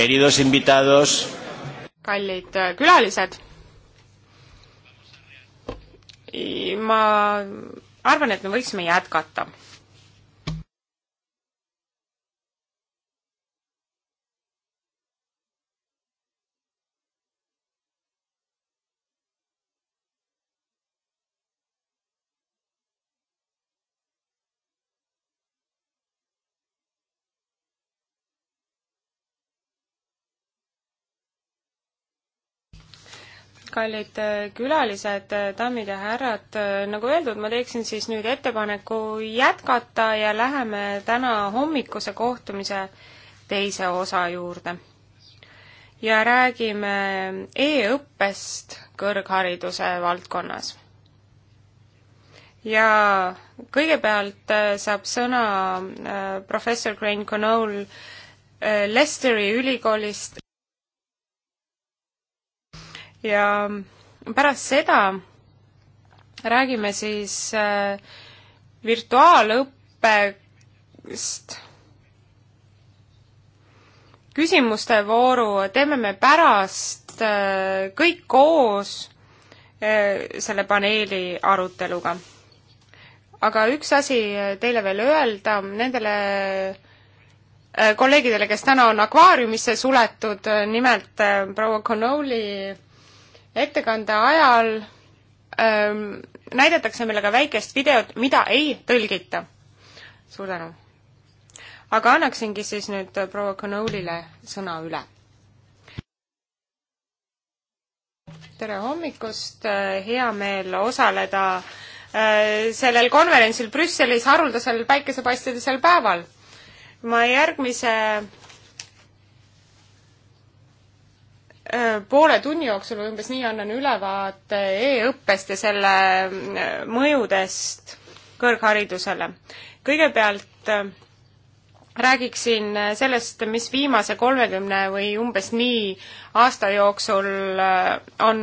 queridos invitados. kallid äh, külalised. ma arvan, et me võiksime jätkata hommikust, kallid äh, külalised, äh, daamid ja härrad. Äh, nagu öeldud, ma teeksin siis nüüd ettepaneku jätkata ja läheme täna hommikuse kohtumise teise osa juurde. ja räägime e-õppest kõrghariduse valdkonnas. ja kõigepealt saab sõna professor Crane Connell Leicesteri ülikoolist ja pärast seda räägime siis äh, virtuaalõppest, küsimuste vooru teeme me pärast äh, kõik koos äh, selle paneeli aruteluga. aga üks asi teile veel öelda, nendele kolleegidele, kes täna on akvaariumisse suletud, nimelt proua Connolly ettekande ajal ähm, näidatakse meile ka väikest videot, mida ei tõlgita. suur tänu! aga annaksingi siis nüüd proua Canoolile sõna üle. tere hommikust, hea meel osaleda äh, sellel konverentsil Brüsselis haruldasel päikesepaistelisel päeval. ma järgmise Äh, poole tunni jooksul umbes nii annan ülevaate e-õppest ja selle äh, mõjudest kõrgharidusele. kõigepealt äh, räägiksin sellest, mis viimase kolmekümne või umbes nii aasta jooksul on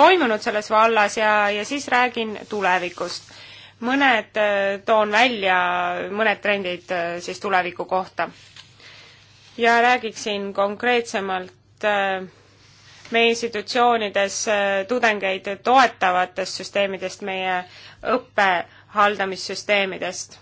toimunud selles vallas ja, ja siis räägin tulevikust. mõned toon välja, mõned trendid siis tuleviku kohta. ja räägiksin konkreetsemalt Äh, meie institutsioonides äh, tudengeid toetavatest süsteemidest, meie õppe haldamissüsteemidest.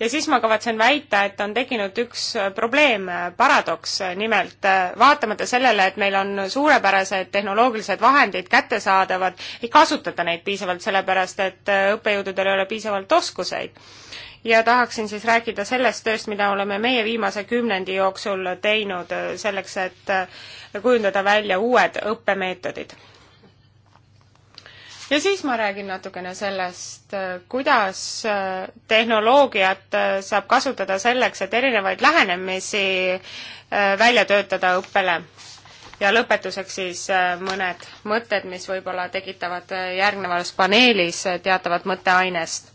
ja siis ma kavatsen väita, et on tekkinud üks äh, probleem, paradoks, nimelt vaatamata sellele, et meil on suurepärased tehnoloogilised vahendid kättesaadavad, ei kasutata neid piisavalt, sellepärast et õppejõududel ei ole piisavalt oskuseid ja tahaksin siis rääkida sellest tööst, mida oleme meie viimase kümnendi jooksul teinud äh, selleks, et äh, kujundada välja uued õppemeetodid. ja siis ma räägin natukene sellest, äh, kuidas tehnoloogiat saab kasutada selleks, et erinevaid lähenemisi välja töötada õppele ja lõpetuseks siis mõned mõtted, mis võib-olla tekitavad järgnevas paneelis teatavat mõtteainest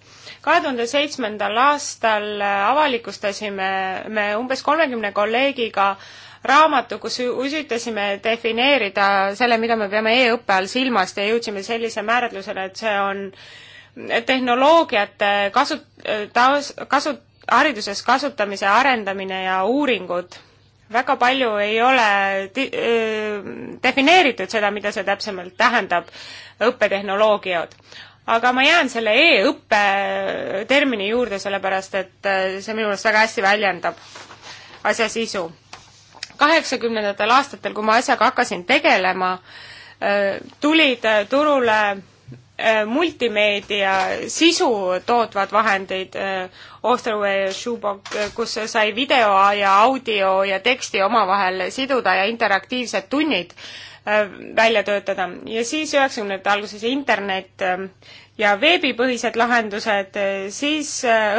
kahe tuhande seitsmendal aastal äh, avalikustasime me umbes kolmekümne kolleegiga raamatu, kus üritasime defineerida selle, mida me peame e-õppe all silmas ja jõudsime sellise määratlusele, et see on tehnoloogiate kasu-, taas-, kasu-, hariduses kasutamise arendamine ja uuringud väga palju ei ole defineeritud seda, mida see täpsemalt tähendab, õppetehnoloogiad aga ma jään selle e-õppe termini juurde, sellepärast et äh, see minu meelest väga hästi väljendab asja sisu. kaheksakümnendatel aastatel, kui ma asjaga hakkasin tegelema, äh, tulid äh, turule multimeedia sisu tootvad vahendid, Austerway ja Shoebox, kus sai video ja audio ja teksti omavahel siduda ja interaktiivsed tunnid Äh, välja töötada. ja siis üheksakümnendate alguses internet äh, ja veebipõhised lahendused, äh, siis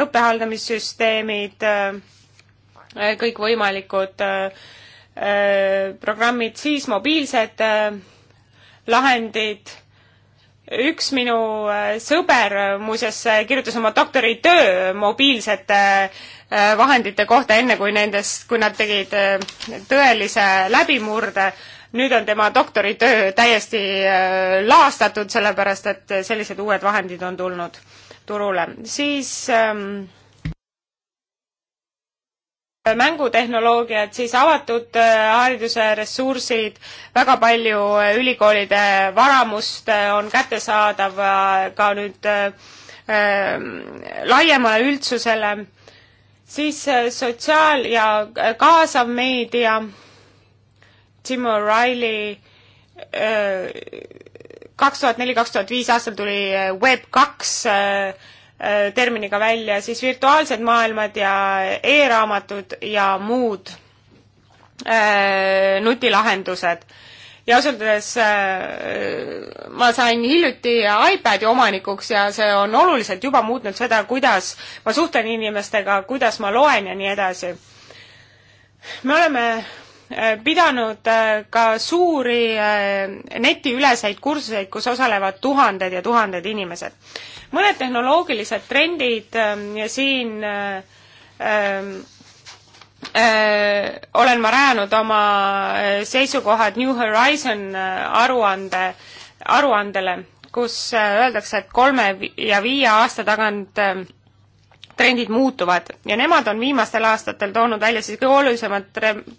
õppe haldamissüsteemid, kõikvõimalikud programmid, siis mobiilsed lahendid üks minu sõber muuseas kirjutas oma doktoritöö mobiilsete vahendite kohta, enne kui nendest, kui nad tegid tõelise läbimurde, nüüd on tema doktoritöö täiesti äh, laastatud, sellepärast et sellised uued vahendid on tulnud turule. siis ähm, mängutehnoloogiad, siis avatud äh, hariduse ressursid, väga palju äh, ülikoolide varamust on kättesaadav ka nüüd ähm, laiemale üldsusele, siis sotsiaal- ja kaasav meedia Jim O'Reilly äh, kaks tuhat neli, kaks tuhat viis aastal tuli äh, Web kaks äh, terminiga välja, siis virtuaalsed maailmad ja e-raamatud ja muud nutilahendused. ja ausalt öeldes ma sain hiljuti iPadi omanikuks ja see on oluliselt juba muutnud seda, kuidas ma suhtlen inimestega, kuidas ma loen ja nii edasi. me oleme Äh, pidanud äh, ka suuri äh, netiüleseid kursuseid, kus osalevad tuhanded ja tuhanded inimesed. mõned tehnoloogilised trendid ähm, ja siin öö, öö, ähm, olen ma rajanud oma seisukohad New Horizon aruande, aruandele, kus öeldakse, et kolme ja viie aasta tagant öö, ähm, trendid muutuvad ja nemad on viimastel aastatel toonud välja siis kõige olulisemad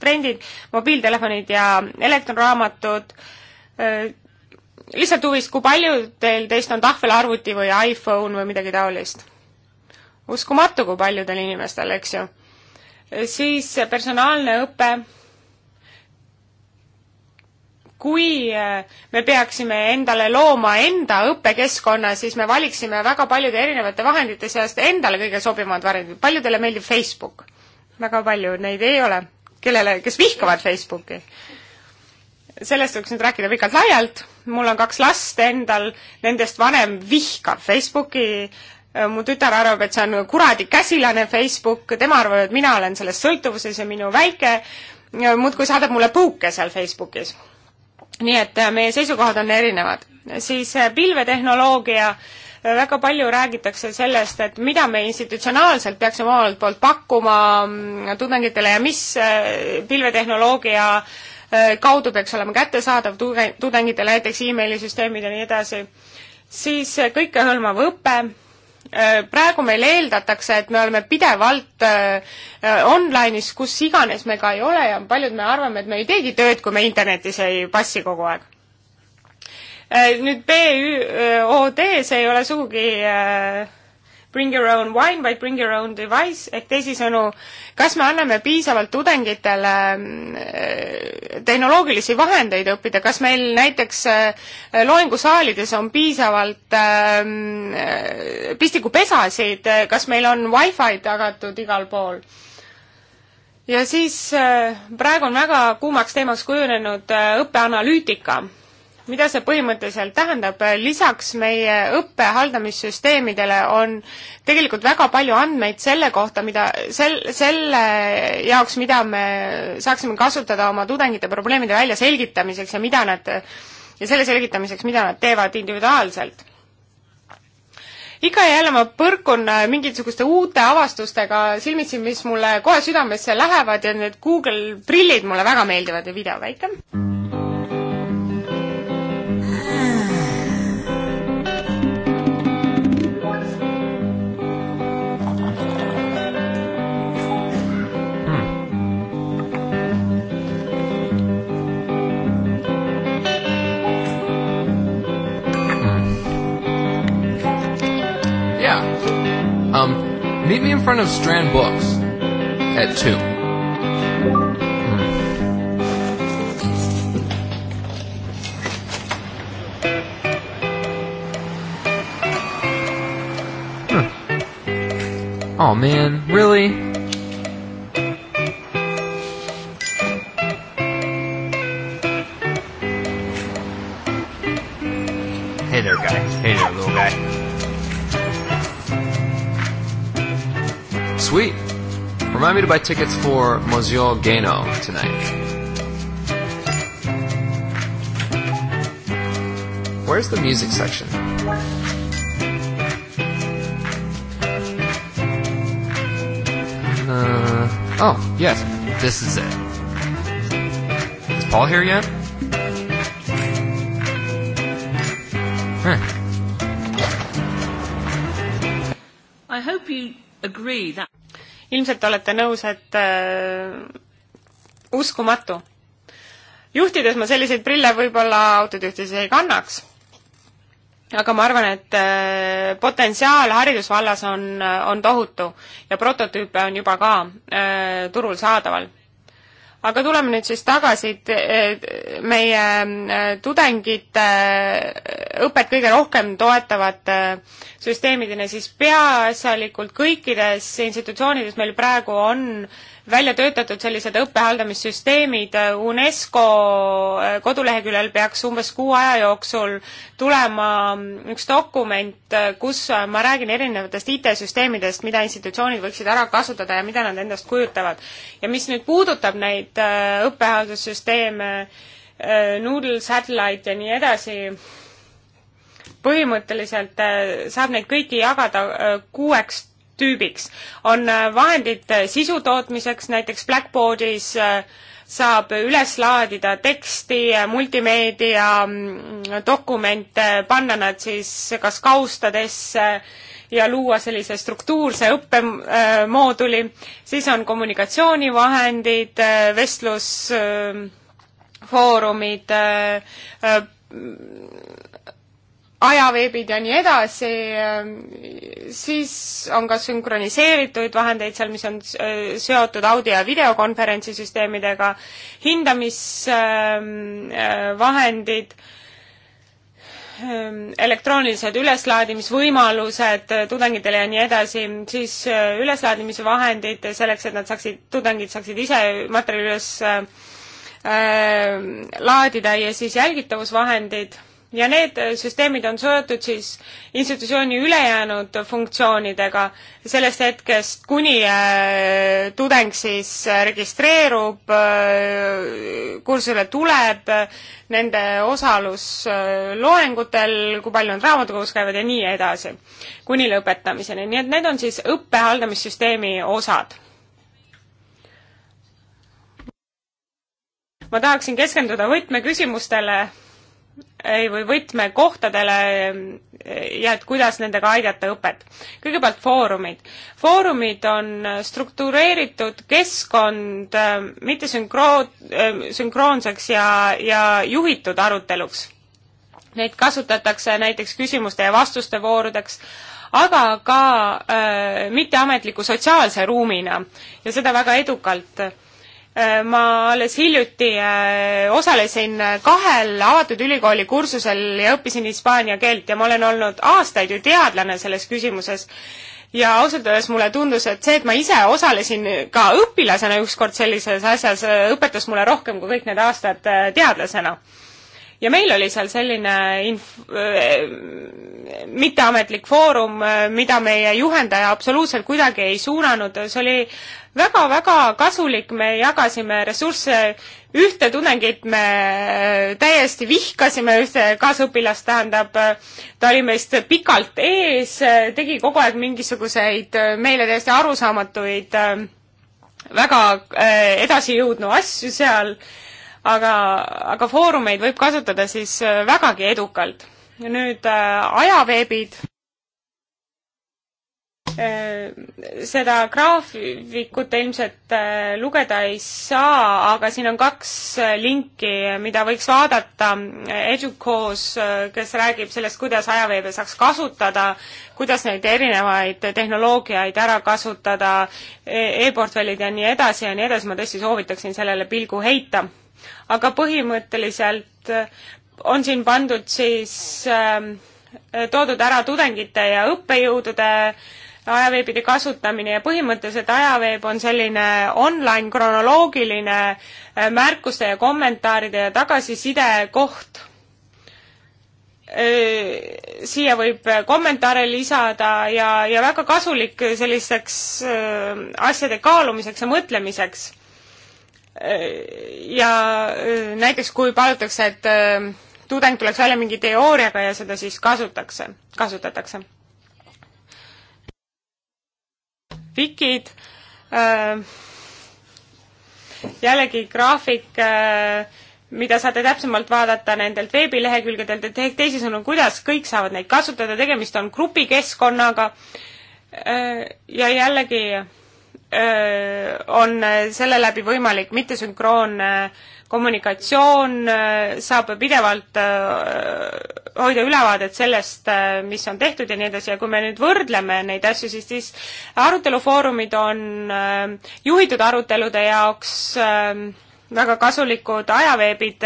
trendid, mobiiltelefonid ja elektronraamatud, lihtsalt huvist, kui paljudel teist on tahvelarvuti või iPhone või midagi taolist? uskumatu, kui paljudel inimestel, eks ju. siis personaalne õpe kui äh, me peaksime endale looma enda õppekeskkonna, siis me valiksime väga paljude erinevate vahendite seast endale kõige sobivamad variandid. paljudele meeldib Facebook. väga palju neid ei ole, kellele, kes vihkavad Facebooki. sellest võiks nüüd rääkida pikalt-laialt. mul on kaks last endal, nendest vanem vihkab Facebooki äh, mu tütar arvab, et see on kuradi käsilane Facebook, tema arvab, et mina olen selles sõltuvuses ja minu väike äh, muudkui saadab mulle põuke seal Facebookis nii et äh, meie seisukohad on erinevad. siis äh, pilvetehnoloogia, äh, väga palju räägitakse sellest, et mida me institutsionaalselt peaksime omalt poolt pakkuma mm, tudengitele ja mis pilvetehnoloogia kaudu peaks olema kättesaadav tudengitele, näiteks emailisüsteemid ja nii edasi. siis kõikehõlmav õpe Äh, praegu meil eeldatakse, et me oleme pidevalt äh, äh, online'is, kus iganes me ka ei ole ja paljud me arvame, et me ei teegi tööd, kui me internetis ei passi kogu aeg. nüüd BÜOD, see ei ole sugugi bring your own wine, vaid bring your own device ehk teisisõnu, kas me anname piisavalt tudengitele mm, tehnoloogilisi vahendeid õppida, kas meil näiteks äh, loengusaalides on piisavalt ähm, pistikupesasid, äh, kas meil on Wi-Fi tagatud igal pool? ja siis äh, praegu on väga kuumaks teemaks kujunenud õppeanalüütika mida see põhimõtteliselt tähendab, lisaks meie õppe haldamissüsteemidele on tegelikult väga palju andmeid selle kohta, mida sel, selle jaoks, mida me saaksime kasutada oma tudengite probleemide väljaselgitamiseks ja mida nad, ja selle selgitamiseks, mida nad teevad individuaalselt ikka ja jälle ma põrkun mingisuguste uute avastustega silmitsi, mis mulle kohe südamesse lähevad ja need Google prillid mulle väga meeldivad ja video väike mm. Meet me in front of Strand Books at 2. Hmm. hmm. Oh man, really? Sweet. Remind me to buy tickets for Monsieur Gano tonight. Where's the music section? Uh, oh, yes, this is it. Is Paul here yet? Huh. I hope you agree that ilmselt olete nõus, et äh, uskumatu. juhtides ma selliseid prille võib-olla autot juhtides ei kannaks, aga ma arvan, et äh, potentsiaal haridusvallas on, äh, on tohutu ja prototüüpe on juba ka äh, turul saadaval aga tuleme nüüd siis tagasi meie äh, tudengite äh, õpet kõige rohkem toetavate äh, süsteemideni, siis peaasjalikult kõikides institutsioonides meil praegu on äh, välja töötatud sellised õppehaldamissüsteemid, UNESCO äh, koduleheküljel peaks umbes kuu aja jooksul tulema mm, üks dokument, äh, kus äh, ma räägin erinevatest IT-süsteemidest, mida institutsioonid võiksid ära kasutada ja mida nad endast kujutavad. ja mis nüüd puudutab neid õppehaldussüsteeme, Noodle, Satellite ja nii edasi, põhimõtteliselt saab neid kõiki jagada kuueks tüübiks. on äh, vahendid äh, sisu tootmiseks, näiteks Blackboardis äh, saab üles laadida teksti, multimeedia mm, dokumente, panna nad siis kas kaustadesse ja luua sellise struktuurse õppemooduli, siis on kommunikatsioonivahendid, vestlusfoorumid, ajaveebid ja nii edasi, siis on ka sünkroniseerituid vahendeid seal, mis on äh, seotud audio- ja videokonverentsisüsteemidega, hindamisvahendid, elektroonilised üleslaadimisvõimalused tudengitele ja nii edasi, siis äh, üleslaadimise vahendid selleks, et nad saaksid, tudengid saaksid ise materjali üles äh, äh laadida ja siis jälgitavusvahendid ja need äh, süsteemid on seotud siis institutsiooni ülejäänud funktsioonidega sellest hetkest, kuni äh, tudeng siis äh, registreerub äh,, kursule tuleb äh,, nende osalus äh, loengutel, kui palju nad raamatukogus käivad ja nii edasi, kuni lõpetamiseni, nii et need on siis õppe haldamissüsteemi osad ma tahaksin keskenduda võtmeküsimustele või võtmekohtadele ja et kuidas nendega aidata õpet. kõigepealt foorumid. foorumid on struktureeritud keskkond äh, mitte sünkroon, äh, sünkroonseks ja, ja juhitud aruteluks. Neid kasutatakse näiteks küsimuste ja vastuste voorudeks, aga ka äh, mitteametliku sotsiaalse ruumina ja seda väga edukalt Äh, ma alles hiljuti äh, osalesin äh, kahel avatud ülikooli kursusel ja õppisin hispaania keelt ja ma olen olnud aastaid ju teadlane selles küsimuses. ja ausalt öeldes mulle tundus, et see, et ma ise osalesin ka õpilasena ükskord sellises asjas, õpetas mulle rohkem kui kõik need aastad teadlasena ja meil oli seal selline inf-, äh, mitteametlik foorum, äh, mida meie juhendaja absoluutselt kuidagi ei suunanud, see oli väga-väga kasulik, me jagasime ressursse, ühte tudengit me äh, täiesti vihkasime, ühte kaasõpilast tähendab, ta oli meist pikalt ees, tegi kogu aeg mingisuguseid meile täiesti arusaamatuid väga edasijõudnu asju seal aga, aga foorumeid võib kasutada siis äh, vägagi edukalt. nüüd äh, ajaveebid, äh, seda graafikut ilmselt lugeda ei saa, aga siin on kaks linki, mida võiks vaadata Educos, kes räägib sellest, kuidas ajaveebe saaks kasutada, kuidas neid erinevaid tehnoloogiaid ära kasutada e, e-portfellid ja nii edasi ja nii edasi, ma tõesti soovitaksin sellele pilgu heita aga põhimõtteliselt äh, on siin pandud siis ähm, äh, toodud ära tudengite ja õppejõudude ajaveebide kasutamine ja põhimõtteliselt ajaveeb on selline online kronoloogiline äh, märkuste ja kommentaaride ja tagasiside koht. Äh, siia võib kommentaare lisada ja, ja väga kasulik sellisteks asjade kaalumiseks ja mõtlemiseks ja näiteks kui palutakse, et tudeng tuleks välja mingi teooriaga ja seda siis kasutakse, kasutatakse. Vikid, jällegi graafik, mida saate täpsemalt vaadata nendelt veebilehekülgedelt, et teisisõnu, kuidas kõik saavad neid kasutada, tegemist on grupikeskkonnaga ja jällegi Äh, on äh, selle läbi võimalik mittesünkroonne äh, kommunikatsioon, saab pidevalt hoida ülevaadet sellest, mis on tehtud ja nii edasi ja kui me nüüd võrdleme neid asju, siis, siis arutelufoorumid on juhitud arutelude jaoks väga kasulikud ajaveebid,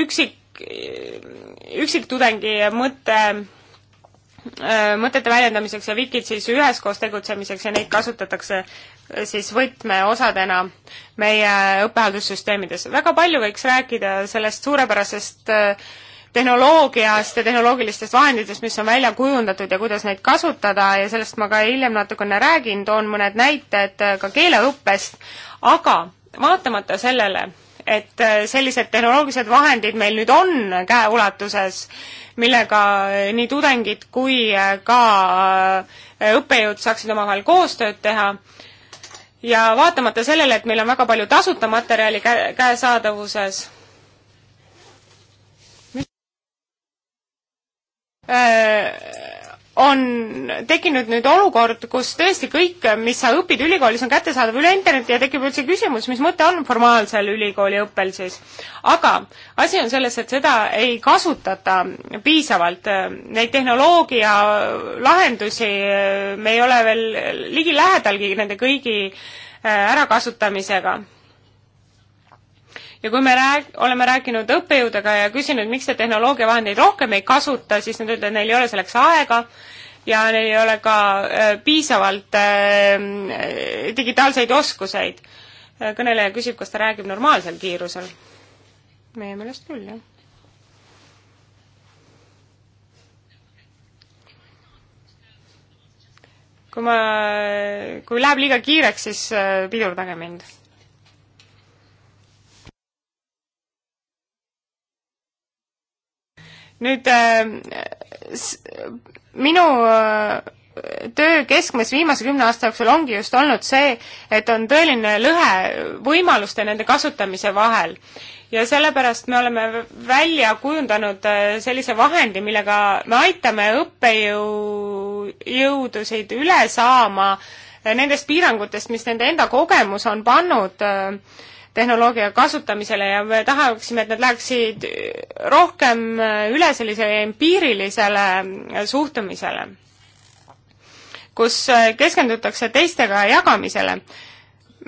üksik, üksiktudengi mõte Äh, mõtete väljendamiseks ja wikid siis üheskoos tegutsemiseks ja neid kasutatakse äh, siis võtmeosadena meie õppehaldussüsteemides. väga palju võiks rääkida sellest suurepärasest äh, tehnoloogiast ja tehnoloogilistest vahenditest, mis on välja kujundatud ja kuidas neid kasutada ja sellest ma ka hiljem natukene räägin, toon mõned näited ka keeleõppest, aga vaatamata sellele, et äh, sellised tehnoloogilised vahendid meil nüüd on käeulatuses, millega äh, nii tudengid kui äh, ka õppejõud saaksid omavahel koostööd teha ja vaatamata sellele, et meil on väga palju tasuta materjali kä käesaadavuses, on tekkinud nüüd olukord, kus tõesti kõik, mis sa õpid ülikoolis, on kättesaadav üle interneti ja tekib üldse küsimus, mis mõte on formaalsel ülikooliõppel siis. aga asi on selles, et seda ei kasutata piisavalt, neid tehnoloogia lahendusi me ei ole veel ligilähedalgi nende kõigi äh, ärakasutamisega ja kui me rääg-, oleme rääkinud õppejõududega ja küsinud, miks te tehnoloogiavahendeid rohkem ei kasuta, siis nad ütlevad, et neil ei ole selleks aega ja neil ei ole ka äh, piisavalt äh, digitaalseid oskuseid. Äh, kõneleja küsib, kas ta räägib normaalsel kiirusel. meie meelest küll, jah. kui ma, kui läheb liiga kiireks, siis äh, pidurdage mind nüüd äh, minu äh, töö keskmes viimase kümne aasta jooksul ongi just olnud see, et on tõeline lõhe võimaluste nende kasutamise vahel. ja sellepärast me oleme välja kujundanud äh, sellise vahendi, millega me aitame õppejõudusid üle saama nendest piirangutest, mis nende enda kogemus on pannud äh, tehnoloogia kasutamisele ja me tahaksime, et nad läheksid rohkem üle sellisele empiirilisele suhtumisele, kus keskendutakse teistega jagamisele.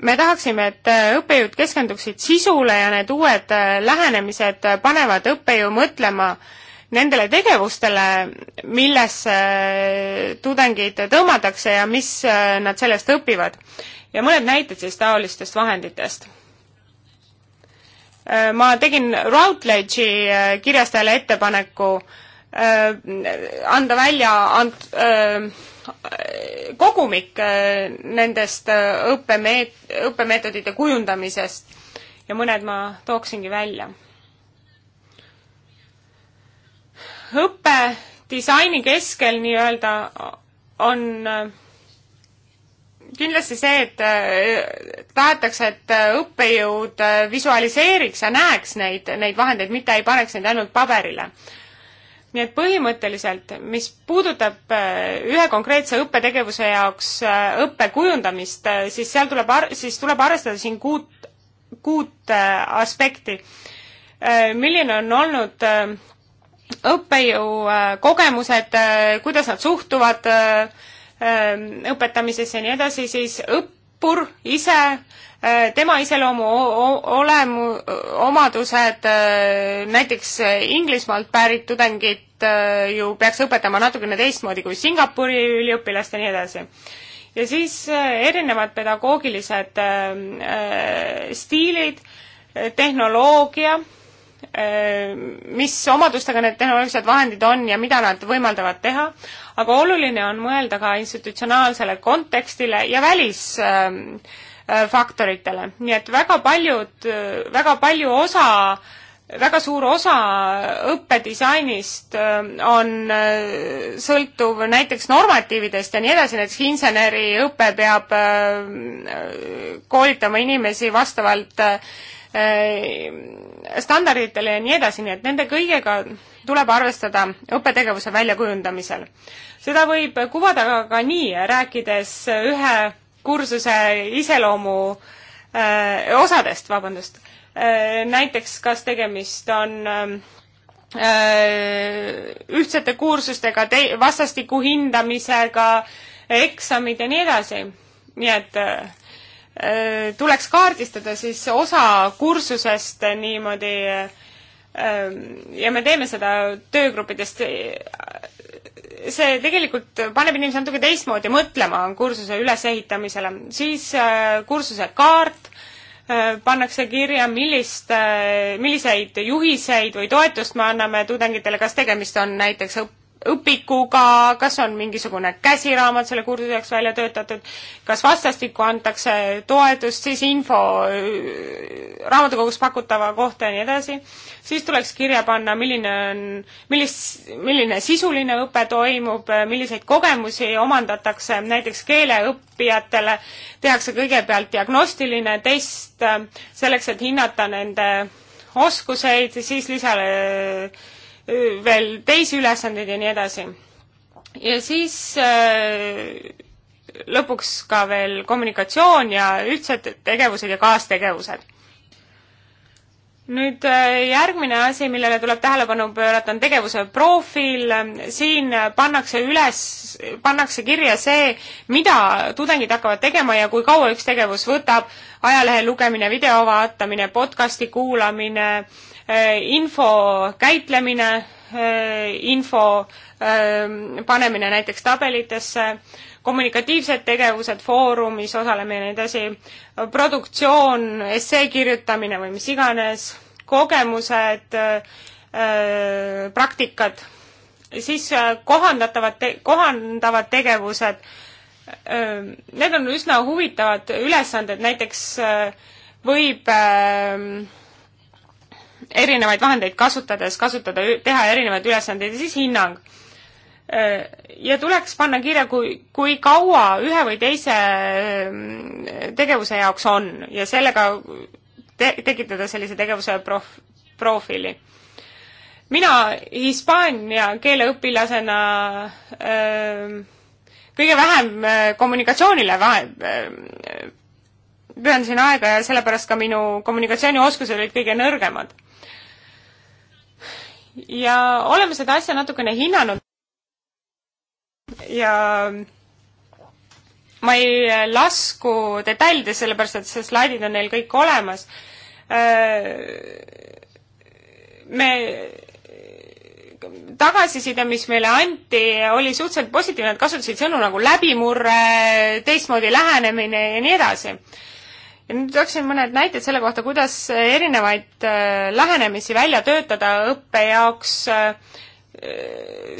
me tahaksime, et õppejõud keskenduksid sisule ja need uued lähenemised panevad õppejõu mõtlema nendele tegevustele, millesse tudengid tõmmatakse ja mis nad sellest õpivad. ja mõned näited siis taolistest vahenditest Äh, ma tegin Routledge'i äh, kirjastajale ettepaneku äh, anda välja ant-, kogumik nendest õppemeet-, õppemeetodite kujundamisest ja mõned ma tooksingi välja. õppe disaini keskel nii-öelda on kindlasti see, et tahetakse, et õppejõud äh, visualiseeriks ja näeks neid, neid vahendeid, mitte ei paneks neid ainult paberile. nii et põhimõtteliselt, mis puudutab äh, ühe konkreetse õppetegevuse jaoks äh, õppe kujundamist, siis seal tuleb, siis tuleb arvestada siin kuut, kuut aspekti. milline on olnud õppejõu kogemused, kuidas nad suhtuvad Ähm, õpetamises ja nii edasi, siis õppur ise, äh, tema iseloomu olemu, omadused, äh, näiteks Inglismaalt pärit tudengit äh, ju peaks õpetama natukene teistmoodi kui Singapuri üliõpilast ja nii edasi ja siis erinevad pedagoogilised stiilid, tehnoloogia Äh, mis omadustega need tehnoloogilised vahendid on ja mida nad võimaldavad teha, aga oluline on mõelda ka institutsionaalsele kontekstile ja välisfaktoritele, äh, äh, nii et väga paljud, väga palju osa väga suur osa õppedisainist on sõltuv näiteks normatiividest ja nii edasi, näiteks inseneriõpe peab koolitama inimesi vastavalt Äh, standarditele ja nii edasi, nii et nende kõigega tuleb arvestada õppetegevuse väljakujundamisel. seda võib kuvada ka nii, rääkides ühe kursuse iseloomu öö, äh, osadest, vabandust. Äh, näiteks, kas tegemist on öö, ühtsete kursustega, vastastikku hindamisega, eksamid ja nii edasi. nii et öö, Äh, tuleks kaardistada siis osa kursusest niimoodi ähm, ja me teeme seda töögruppidest, see tegelikult paneb inimesi natuke teistmoodi mõtlema kursuse ülesehitamisele, siis äh, kursuse kaart, äh, pannakse kirja, millist, milliseid juhiseid või toetust me anname tudengitele, kas tegemist on näiteks õpp-, õpikuga, kas on mingisugune käsiraamat selle kursuseks välja töötatud, kas vastastikku antakse toetust, siis info äh, raamatukogus pakutava kohta ja nii edasi, siis tuleks kirja panna, milline on, millis, milline sisuline õpe toimub, milliseid kogemusi omandatakse, näiteks keeleõppijatele tehakse kõigepealt diagnostiline test äh, selleks, et hinnata nende oskuseid, siis lisale veel teisi ülesandeid ja nii edasi. ja siis äh, lõpuks ka veel kommunikatsioon ja ühtsed tegevused ja kaastegevused. nüüd äh, järgmine asi, millele tuleb tähelepanu pöörata, on tegevuse profiil. siin pannakse üles, pannakse kirja see, mida tudengid hakkavad tegema ja kui kaua üks tegevus võtab, ajalehe lugemine, video vaatamine, podcasti kuulamine, Äh, info käitlemine, äh, info ähm, panemine näiteks tabelitesse, kommunikatiivsed tegevused, foorumis osalemine ja nii edasi, produktsioon, essee kirjutamine või mis iganes, kogemused, äh, praktikad, siis kohandatavad, kohandavad tegevused, ähm, need on üsna huvitavad ülesanded, näiteks võib äh, erinevaid vahendeid kasutades kasutada, teha erinevaid ülesandeid ja siis hinnang. Äh, ja tuleks panna kirja, kui, kui kaua ühe või teise äh, tegevuse jaoks on ja sellega te-, tekitada sellise tegevuse prof-, profiili mina hispaania keele õpilasena öö, äh, kõige vähem kommunikatsioonile vahe, pühendasin aega ja sellepärast ka minu kommunikatsioonioskused olid kõige nõrgemad ja oleme seda asja natukene hinnanud. ja ma ei lasku detailidesse, sellepärast et see slaidid on neil kõik olemas. Äh, me tagasiside, mis meile anti, oli suhteliselt positiivne, nad kasutasid sõnu nagu läbimurre, teistmoodi lähenemine ja nii edasi ja nüüd tooksin mõned näited selle kohta, kuidas erinevaid äh, lähenemisi välja töötada õppe jaoks. Äh,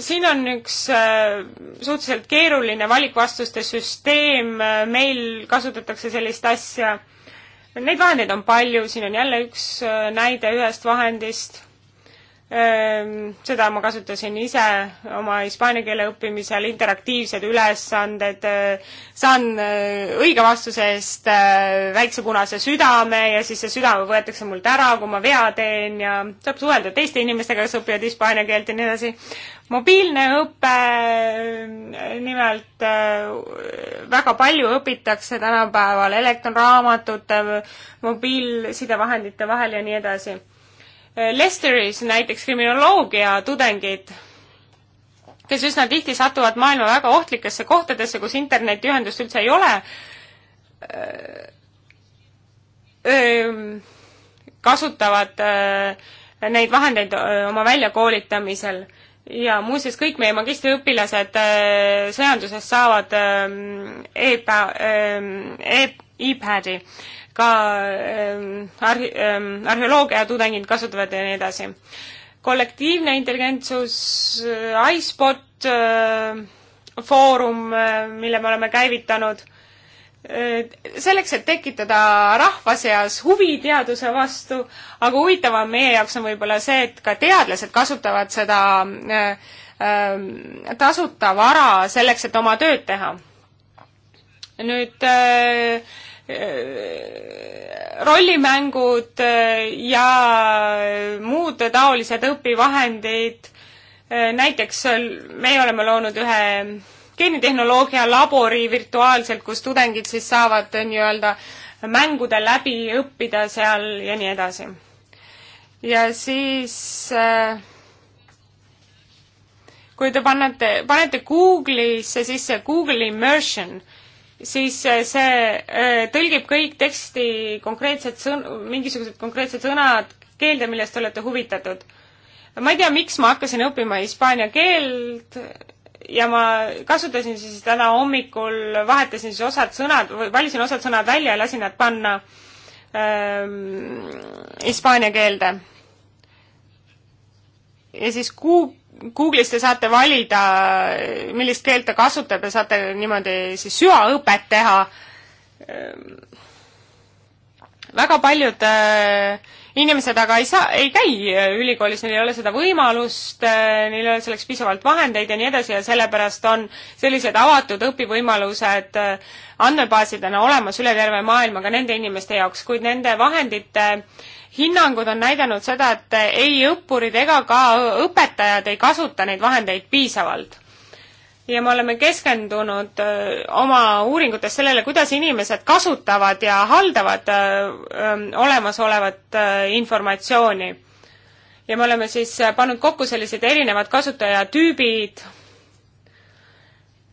siin on üks äh, suhteliselt keeruline valikvastuste süsteem, meil kasutatakse sellist asja. Neid vahendeid on palju, siin on jälle üks näide ühest vahendist Ehm, seda ma kasutasin ise oma hispaania keele õppimisel, interaktiivsed ülesanded, eh, saan eh, õige vastuse eest eh, väikse punase südame ja siis see südame võetakse mult ära, kui ma vea teen ja saab suhelda teiste inimestega, kes õpivad hispaania keelt ja nii edasi. mobiilne õpe, nimelt väga palju õpitakse tänapäeval elektronraamatute, mobiilsidevahendite vahel ja nii edasi Lesteris näiteks kriminoloogia tudengid, kes üsna tihti satuvad maailma väga ohtlikesse kohtadesse, kus internetiühendust üldse ei ole, kasutavad neid vahendeid oma väljakoolitamisel ja muuseas, kõik meie magistriõpilased sõjanduses saavad e-pa- e, e-padi ka ähm, arhe- ähm,, arheoloogia tudengid kasutavad ja nii edasi. kollektiivne intelligentsus äh,, iSpot äh, foorum äh,, mille me oleme käivitanud äh,, selleks, et tekitada rahva seas huvi teaduse vastu, aga huvitavam meie jaoks on võib-olla see, et ka teadlased kasutavad seda äh, äh, tasuta vara selleks, et oma tööd teha. nüüd äh, Äh, rollimängud äh, ja muud taolised õpivahendid. Äh, näiteks meie oleme loonud ühe geenitehnoloogia labori virtuaalselt, kus tudengid siis saavad nii-öelda mängude läbi õppida seal ja nii edasi. ja siis kui te panete, panete Google'isse sisse Google immersion, siis eh, see eh, tõlgib kõik teksti konkreetsed sõn-, mingisugused konkreetsed sõnad keelde, millest te olete huvitatud. ma ei tea, miks ma hakkasin õppima hispaania keelt ja ma kasutasin siis täna hommikul, vahetasin siis osad sõnad, valisin osad sõnad välja ja lasin nad panna ähm, hispaania keelde. ja siis kuu Google'is te saate valida, millist keelt ta kasutab ja saate niimoodi siis süvaõpet teha. Ehm, väga paljud äh, inimesed aga ei saa, ei käi äh, ülikoolis, neil ei ole seda võimalust, äh, neil ei ole selleks piisavalt vahendeid ja nii edasi ja sellepärast on sellised avatud õpivõimalused andmebaasidena olemas üle terve maailma ka nende inimeste jaoks, kuid nende vahendite äh, hinnangud on näidanud seda, et ei õppurid ega ka õpetajad ei kasuta neid vahendeid piisavalt. ja me oleme keskendunud äh, oma uuringutes sellele, kuidas inimesed kasutavad ja haldavad äh, ähm, olemasolevat äh, informatsiooni. ja me oleme siis pannud kokku sellised erinevad kasutajatüübid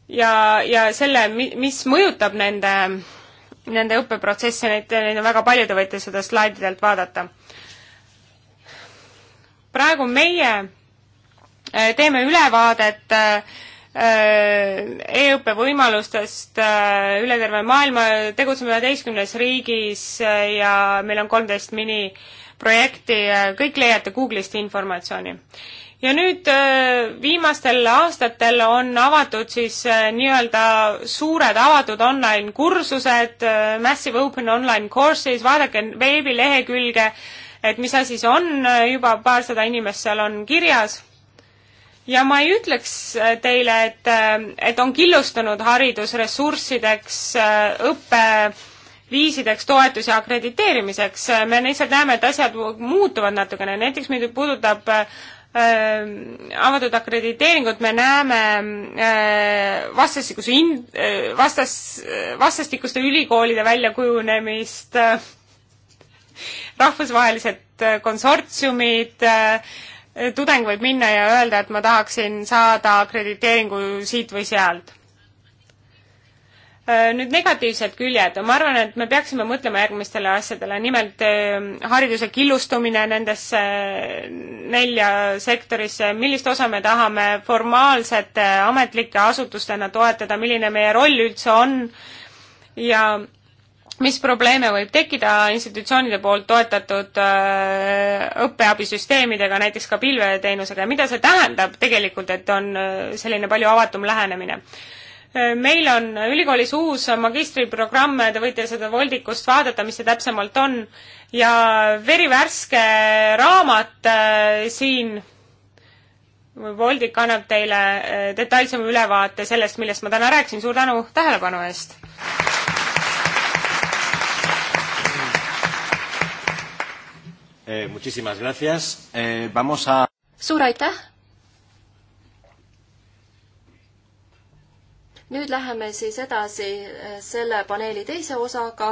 ja, ja selle, mis mõjutab nende nende õppeprotsesse, neid, neid on väga palju, te võite seda slaididelt vaadata. praegu meie äh, teeme ülevaadet äh, äh, e-õppe võimalustest üle terve maailma, tegutseme üheteistkümnes riigis ja meil on kolmteist miniprojekti, kõik leiate Google'ist informatsiooni ja nüüd äh, viimastel aastatel on avatud siis äh, nii-öelda suured avatud online kursused, äh, Massive Open Online Courses, vaadake veebilehekülge, et mis asi see on, juba paarsada inimest seal on kirjas. ja ma ei ütleks teile, et, et on killustunud haridusressurssideks, õppeviisideks, toetus- ja akrediteerimiseks, me lihtsalt näeme, et asjad muutuvad natukene, näiteks mind puudutab Äh, avatud akrediteeringut me näeme äh, vastastikuse in-, äh, vastas, vastastikuste ülikoolide väljakujunemist, rahvusvahelised konsortsiumid, tudeng võib minna ja öelda, et ma tahaksin saada akrediteeringu siit või sealt Äh, nüüd negatiivsed küljed, ma arvan, et me peaksime mõtlema järgmistele asjadele, nimelt ähm, hariduse killustumine nendesse äh, nelja sektorisse, millist osa me tahame formaalsete äh, ametlike asutustena toetada, milline meie roll üldse on ja mis probleeme võib tekkida institutsioonide poolt toetatud õppeabisüsteemidega, näiteks ka pilveteenusega ja mida see tähendab tegelikult, et on selline palju avatum lähenemine meil on ülikoolis uus magistriprogramm, te võite seda voldikust vaadata, mis see täpsemalt on, ja verivärske raamat äh, siin, voldik annab teile äh, detailsema ülevaate sellest, millest ma täna rääkisin, suur tänu tähelepanu eest! Eh, eh, suur aitäh! nüüd läheme siis edasi äh, selle paneeli teise osaga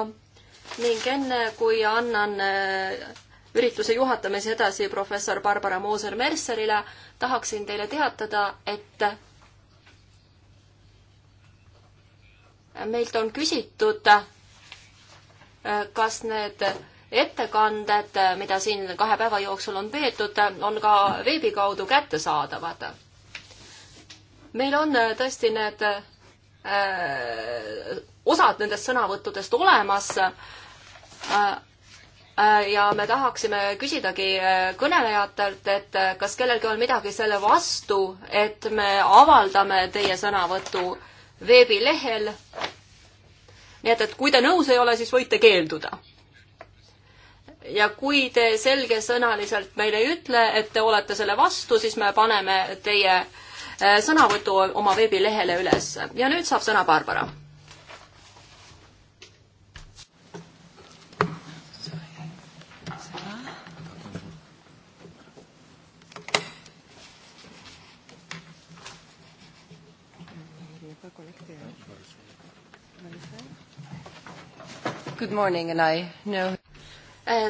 ning enne, kui annan äh, ürituse juhatamise edasi professor Barbara Mooser-Mercerile, tahaksin teile teatada, et meilt on küsitud, äh, kas need ettekanded, mida siin kahe päeva jooksul on peetud, on ka veebi kaudu kättesaadavad. meil on tõesti need Äh, osad nendest sõnavõttudest olemas äh, äh, ja me tahaksime küsidagi kõnelejatelt, et kas kellelgi on midagi selle vastu, et me avaldame teie sõnavõtu veebilehel. nii et, et kui te nõus ei ole, siis võite keelduda. ja kui te selgesõnaliselt meile ei ütle, et te olete selle vastu, siis me paneme teie äh, Äh, sõnavõtu oma veebilehele üles ja nüüd saab sõna Barbara. Good morning and I know äh,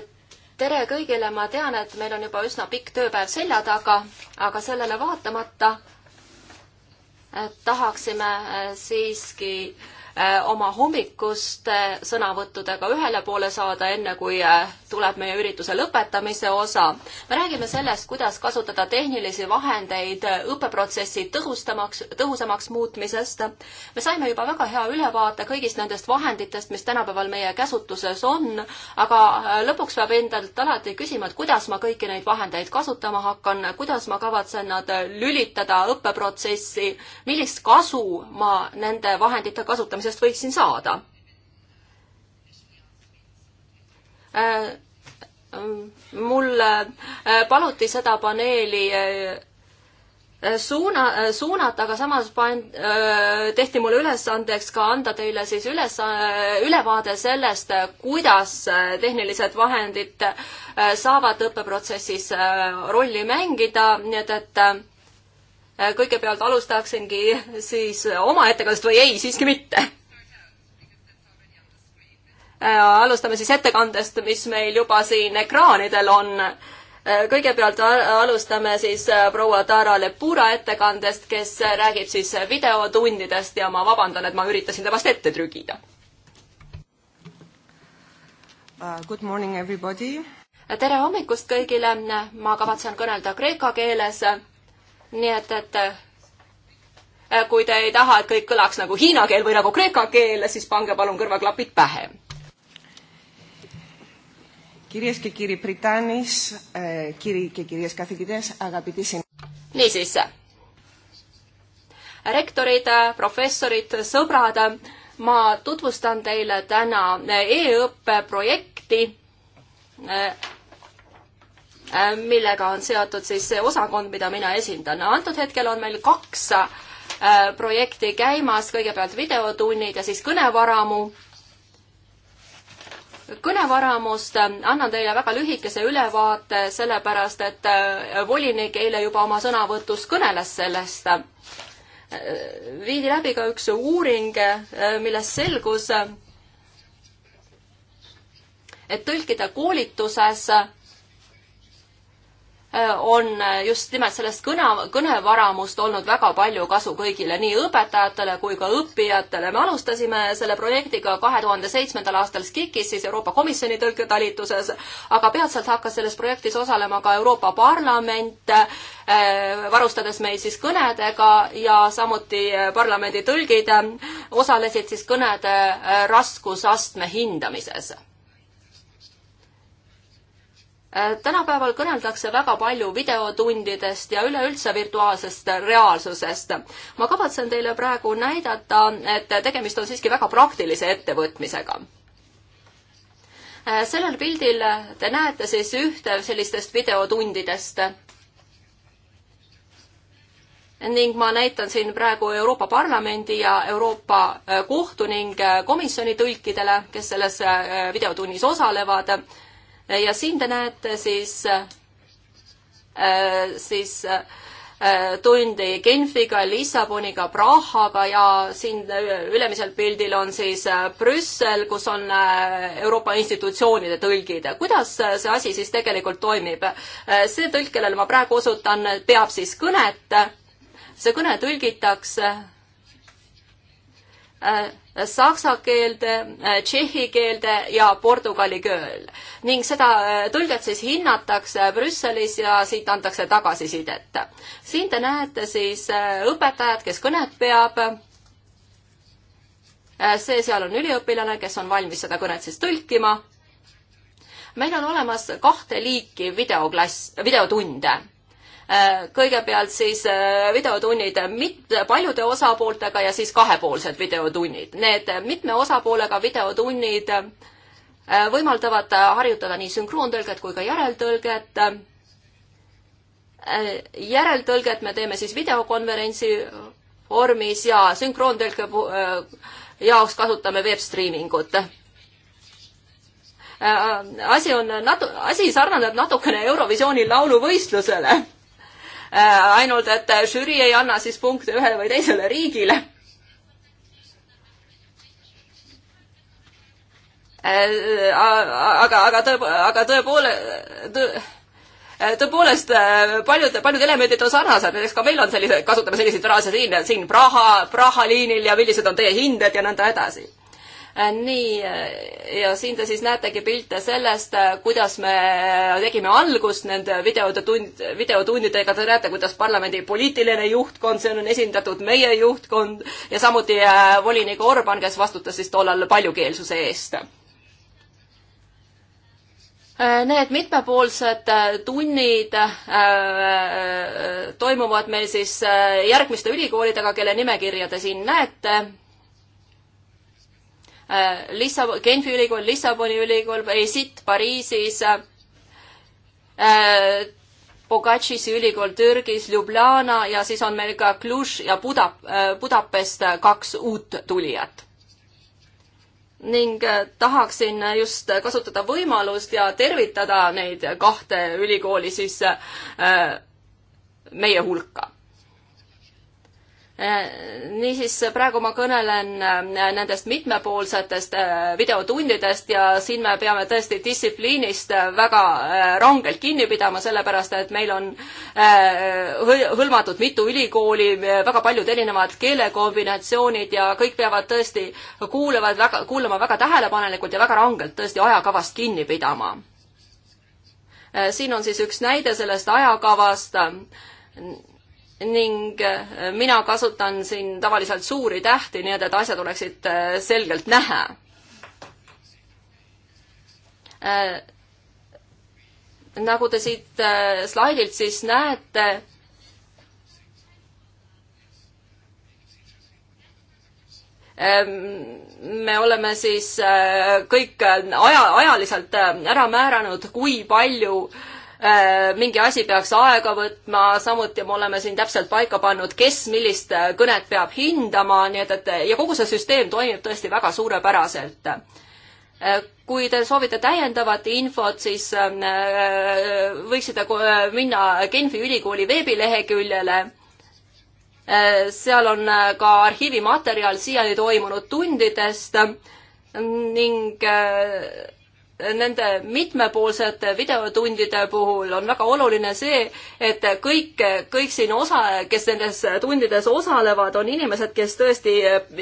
tere kõigile, ma tean, et meil on juba üsna pikk tööpäev selja taga, aga sellele vaatamata tahaksime äh, siiski äh, Äh, oma hommikuste sõnavõttudega ühele poole saada, enne kui äh, tuleb meie ürituse lõpetamise osa. me räägime sellest, kuidas kasutada tehnilisi vahendeid äh, õppeprotsessi tõhustamaks, tõhusamaks muutmisest. me saime juba väga hea ülevaate kõigist nendest vahenditest, mis tänapäeval meie käsutuses on, aga lõpuks peab endalt alati küsima, et kuidas ma kõiki neid vahendeid kasutama hakkan, kuidas ma kavatsen nad lülitada õppeprotsessi, millist kasu ma nende vahendite kasutamisel toetusest võiksin saada äh,? äh mul äh, paluti seda paneeli äh, suuna, suunata, aga samas pand-, tehti mulle ülesandeks ka anda teile siis üles, ülevaade sellest, kuidas tehnilised vahendid saavad õppeprotsessis rolli mängida, nii et, et kõigepealt alustaksingi siis oma ettekandest või ei, siiski mitte Äh, alustame siis ettekandest, mis meil juba siin ekraanidel on. Äh, kõigepealt alustame siis äh, proua Tara Lepura ettekandest, kes räägib siis videotundidest ja ma vabandan, et ma üritasin temast ette trügida. Uh, good morning everybody. tere hommikust kõigile, ma kavatsen kõnelda kreeka keeles. nii et, et kui te ei taha, et kõik kõlaks nagu hiina keel või nagu kreeka keel, siis pange palun kõrvaklapid pähe. Κυρίες και κύριοι Πριτάνης, ε, κύριοι και κυρίες καθηγητές, αγαπητοί συνάδελφοι. Niisiis, rektorid, professorid, sõbrad, ma tutvustan teile täna e, e-õppe projekti, e, e, millega on seotud siis see osakond, mida mina esindan. antud hetkel on meil kaks projekti käimas, kõigepealt videotunnid ja siis kõnevaramu kõnevaramust annan teile väga lühikese ülevaate, sellepärast et äh, volinik eile juba oma sõnavõtus kõneles sellest. viidi läbi ka üks uuring, äh, millest selgus, et tõlkide koolituses Äh, on äh, just nimelt sellest kõne, kõnevaramust olnud väga palju kasu kõigile, nii õpetajatele kui ka õppijatele. me alustasime selle projektiga kahe tuhande seitsmendal aastal SKIK-is, siis Euroopa Komisjoni tõlketalituses, aga peatselt hakkas selles projektis osalema ka Euroopa Parlament, äh, varustades meid siis kõnedega ja samuti parlamendi tõlgid osalesid siis kõnede raskusastme hindamises Äh, tänapäeval kõneldakse väga palju videotundidest ja üleüldse virtuaalsest reaalsusest. ma kavatsen teile praegu näidata, et tegemist on siiski väga praktilise ettevõtmisega. Äh, sellel pildil te näete siis ühte sellistest videotundidest. ning ma näitan siin praegu Euroopa Parlamendi ja Euroopa äh, Kohtu ning komisjoni tõlkidele, kes selles videotunnis osalevad ja siin te näete siis, äh, siis äh, tundi Genfiga, Lissaboniga, Prahaga ja siin äh, ülemisel pildil on siis Brüssel, kus on Euroopa institutsioonide tõlgid. kuidas see asi siis tegelikult toimib? see tõlk, kellele ma praegu osutan, peab siis kõnet, see kõne tõlgitakse Äh, saksa keelde, äh, tšehhi keelde ja portugali keel. ning seda äh, tõlget siis hinnatakse Brüsselis ja siit antakse tagasisidet. siin te näete siis õpetajat, kes kõnet peab. see seal on üliõpilane, kes on valmis seda kõnet siis tõlkima. meil on olemas kahte liiki videoklass, videotunde kõigepealt siis äh, videotunnid mit-, paljude osapooltega ja siis kahepoolsed videotunnid. Need mitme osapoolega videotunnid äh, võimaldavad äh, harjutada nii sünkroontõlget kui ka järeltõlget. järeltõlget me teeme siis videokonverentsi vormis ja sünkroontõlke jaoks kasutame veebstriimingut asi on natu-, asi sarnaneb natukene Eurovisiooni lauluvõistlusele Äh, ainult et äh, žürii ei anna siis punkte ühele või teisele riigile. Äh, aga, aga tõe, aga tõepoolest tõ, tõepoolest paljud, paljud elemendid on sarnased, näiteks ka meil on sellise, kasutame selliseid fraase siin, siin Praha, Praha liinil ja millised on teie hinded ja nõnda edasi Äh, nii, äh, ja siin te siis näetegi pilte sellest, äh, kuidas me tegime algust nende videode tund, videotundidega, te näete, kuidas parlamendi poliitiline juhtkond, seal on esindatud meie juhtkond ja samuti volinik Orban, kes vastutas siis tollal paljukeelsuse eest Need mitmepoolsed tunnid toimuvad meil siis järgmiste ülikoolidega, kelle nimekirja te siin näete Äh, Lissab-, Genfi ülikool, Lissaboni ülikool, ESIT Pariisis, äh, Bogacsisi ülikool Türgis, Ljubljana ja siis on meil ka Cluj ja Buda-, äh, Budapest kaks uut tulijat ning tahaksin just kasutada võimalust ja tervitada neid kahte ülikooli siis meie hulka. Äh, niisiis, praegu ma kõnelen äh, nendest mitmepoolsetest äh, videotundidest ja siin me peame tõesti distsipliinist väga rangelt kinni pidama, sellepärast et meil on hõlmatud mitu ülikooli, väga paljud erinevad keelekombinatsioonid ja kõik peavad tõesti kuulavad väga, kuulama väga tähelepanelikult ja väga rangelt tõesti ajakavast kinni pidama. siin on siis üks näide sellest ajakavast ning äh, mina kasutan siin tavaliselt suuri tähti, nii et, et asjad oleksid äh, selgelt näha. Äh, nagu te siit slaidilt siis näete, ähm, me oleme siis kõik aja, ajaliselt ära määranud, kui palju äh, Äh, mingi asi peaks aega võtma, samuti me oleme siin täpselt paika pannud, kes millist äh, kõnet peab hindama, nii et, et ja kogu see süsteem toimib tõesti väga suurepäraselt. Äh, kui te soovite täiendavat infot, siis ähm, võiksite minna Genfi ülikooli veebileheküljele seal on ka arhiivimaterjal siiani toimunud tundidest ning nende mitmepoolsete videotundide puhul on väga oluline see, et kõik, kõik siin osa, kes nendes tundides osalevad, on inimesed, kes tõesti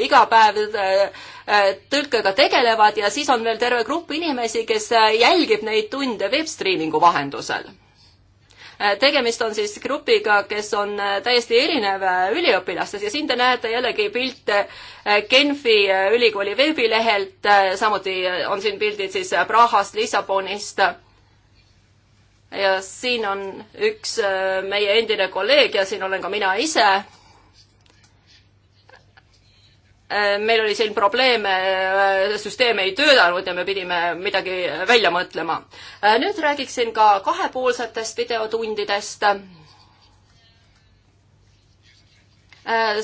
iga päev äh, tõlkega tegelevad ja siis on veel terve grupp inimesi, kes jälgib neid tunde veebstriimingu vahendusel Äh, tegemist on siis grupiga, kes on äh, täiesti erinev äh, üliõpilastest ja siin te näete jällegi pilte Genfi ülikooli veebilehelt, samuti on siin pildid siis Prahast, Lissabonist ja siin on üks meie endine kolleeg ja siin olen ka mina ise Äh, meil oli siin probleeme, äh, süsteem ei töötanud ja me pidime midagi välja mõtlema. Äh, nüüd räägiksin ka kahepoolsetest videotundidest.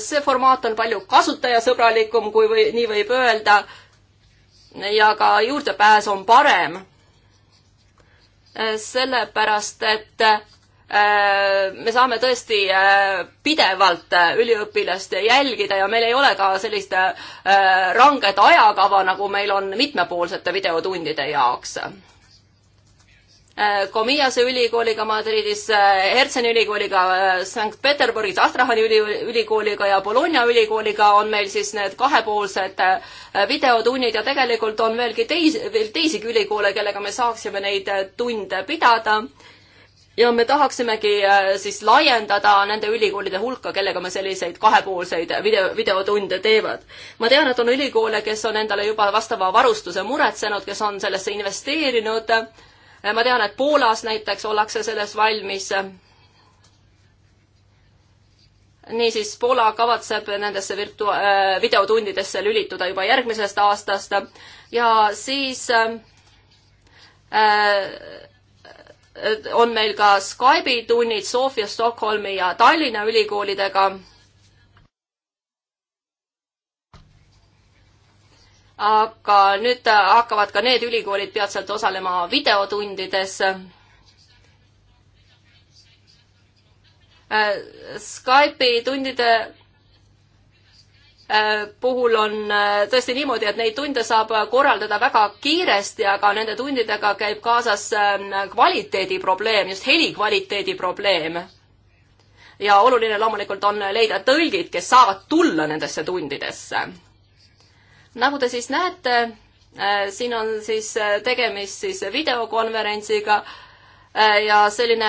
see formaat on palju kasutajasõbralikum, kui või nii võib öelda. ja ka juurdepääs on parem. sellepärast, et Äh, me saame tõesti äh, pidevalt äh, üliõpilast jälgida ja meil ei ole ka sellist ranget ajakava, nagu meil on mitmepoolsete videotundide jaoks. Komiase ülikooliga Madridis, Hertseni ülikooliga Sankt-Peterburgis, Astrahani ülikooliga ja Bologna ülikooliga on meil siis need kahepoolsed videotunnid ja tegelikult on veelgi teisi, veel teisigi ülikoole, kellega me saaksime neid tunde pidada ja me tahaksimegi äh, siis laiendada nende ülikoolide hulka, kellega me selliseid kahepoolseid video, videotunde teevad. ma tean, et on ülikoole, kes on endale juba vastava varustuse muretsenud, kes on sellesse investeerinud. Äh, ma tean, et Poolas näiteks ollakse selles valmis. niisiis, Poola kavatseb nendesse virtu-, äh, videotundidesse lülituda juba järgmisest aastast ja siis äh, on meil ka Skype'i tunnid Sofia, Stockholmi ja Tallinna ülikoolidega aga nüüd hakkavad ka need ülikoolid peatselt osalema videotundides. Skype'i tundide Äh, puhul on äh, tõesti niimoodi, et neid tunde saab korraldada väga kiiresti, aga nende tundidega käib kaasas äh, kvaliteedi probleem, just heli kvaliteedi probleem. ja oluline loomulikult on leida tõlgid, kes saavad tulla nendesse tundidesse. nagu te siis näete, siin on siis tegemist siis videokonverentsiga Äh, ja selline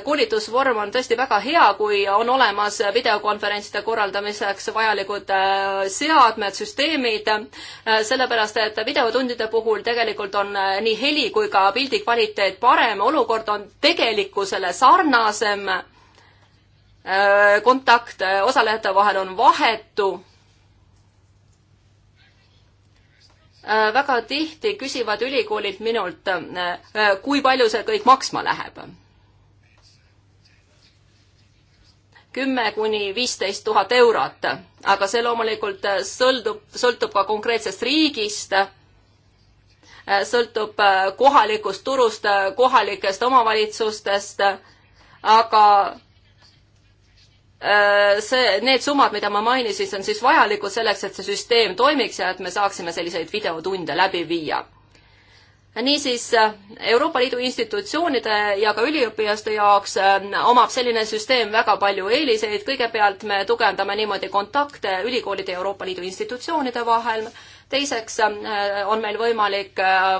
koolitusvorm on tõesti väga hea, kui on olemas videokonverentside korraldamiseks vajalikud äh, seadmed, süsteemid, äh, sellepärast et videotundide puhul tegelikult on nii heli kui ka pildi kvaliteet parem, olukord on tegelikkusele sarnasem, kontakt osalejate vahel on vahetu Äh, väga tihti küsivad ülikoolid minult, äh, äh, kui palju see kõik maksma läheb. kümme kuni viisteist tuhat eurot, aga see loomulikult sõltub, sõltub ka konkreetsest riigist, sõltub kohalikust turust, kohalikest omavalitsustest, aga Äh, see, need summad, mida ma mainisin, on siis vajalikud selleks, et see süsteem toimiks ja et me saaksime selliseid videotunde läbi viia. niisiis äh, Euroopa Liidu institutsioonide ja ka üliõpilaste jaoks äh, omab selline süsteem väga palju eeliseid, kõigepealt me tugevdame niimoodi kontakte ülikoolide ja Euroopa Liidu institutsioonide vahel, teiseks on meil võimalik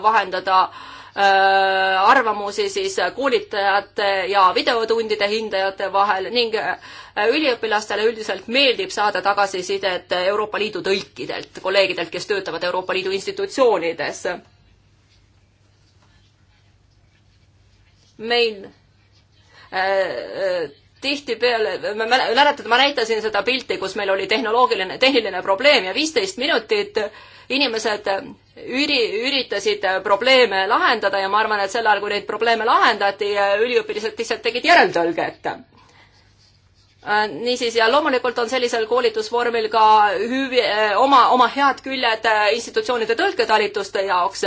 vahendada äh, Äh, arvamusi siis koolitajate ja videotundide hindajate vahel ning äh, üliõpilastele üldiselt meeldib saada tagasisidet Euroopa Liidu tõlkidelt, kolleegidelt, kes töötavad Euroopa Liidu institutsioonides. meil äh, tihtipeale, ma mäletan, ma näitasin seda pilti, kus meil oli tehnoloogiline, tehniline probleem ja viisteist minutit inimesed üri-, üritasid probleeme lahendada ja ma arvan, et sel ajal, kui neid probleeme lahendati, üliõpilased lihtsalt tegid järeltõlget äh, niisiis, ja loomulikult on sellisel koolitusvormil ka hüvi, äh, oma, oma head küljed äh, institutsioonide tõlketalituste jaoks.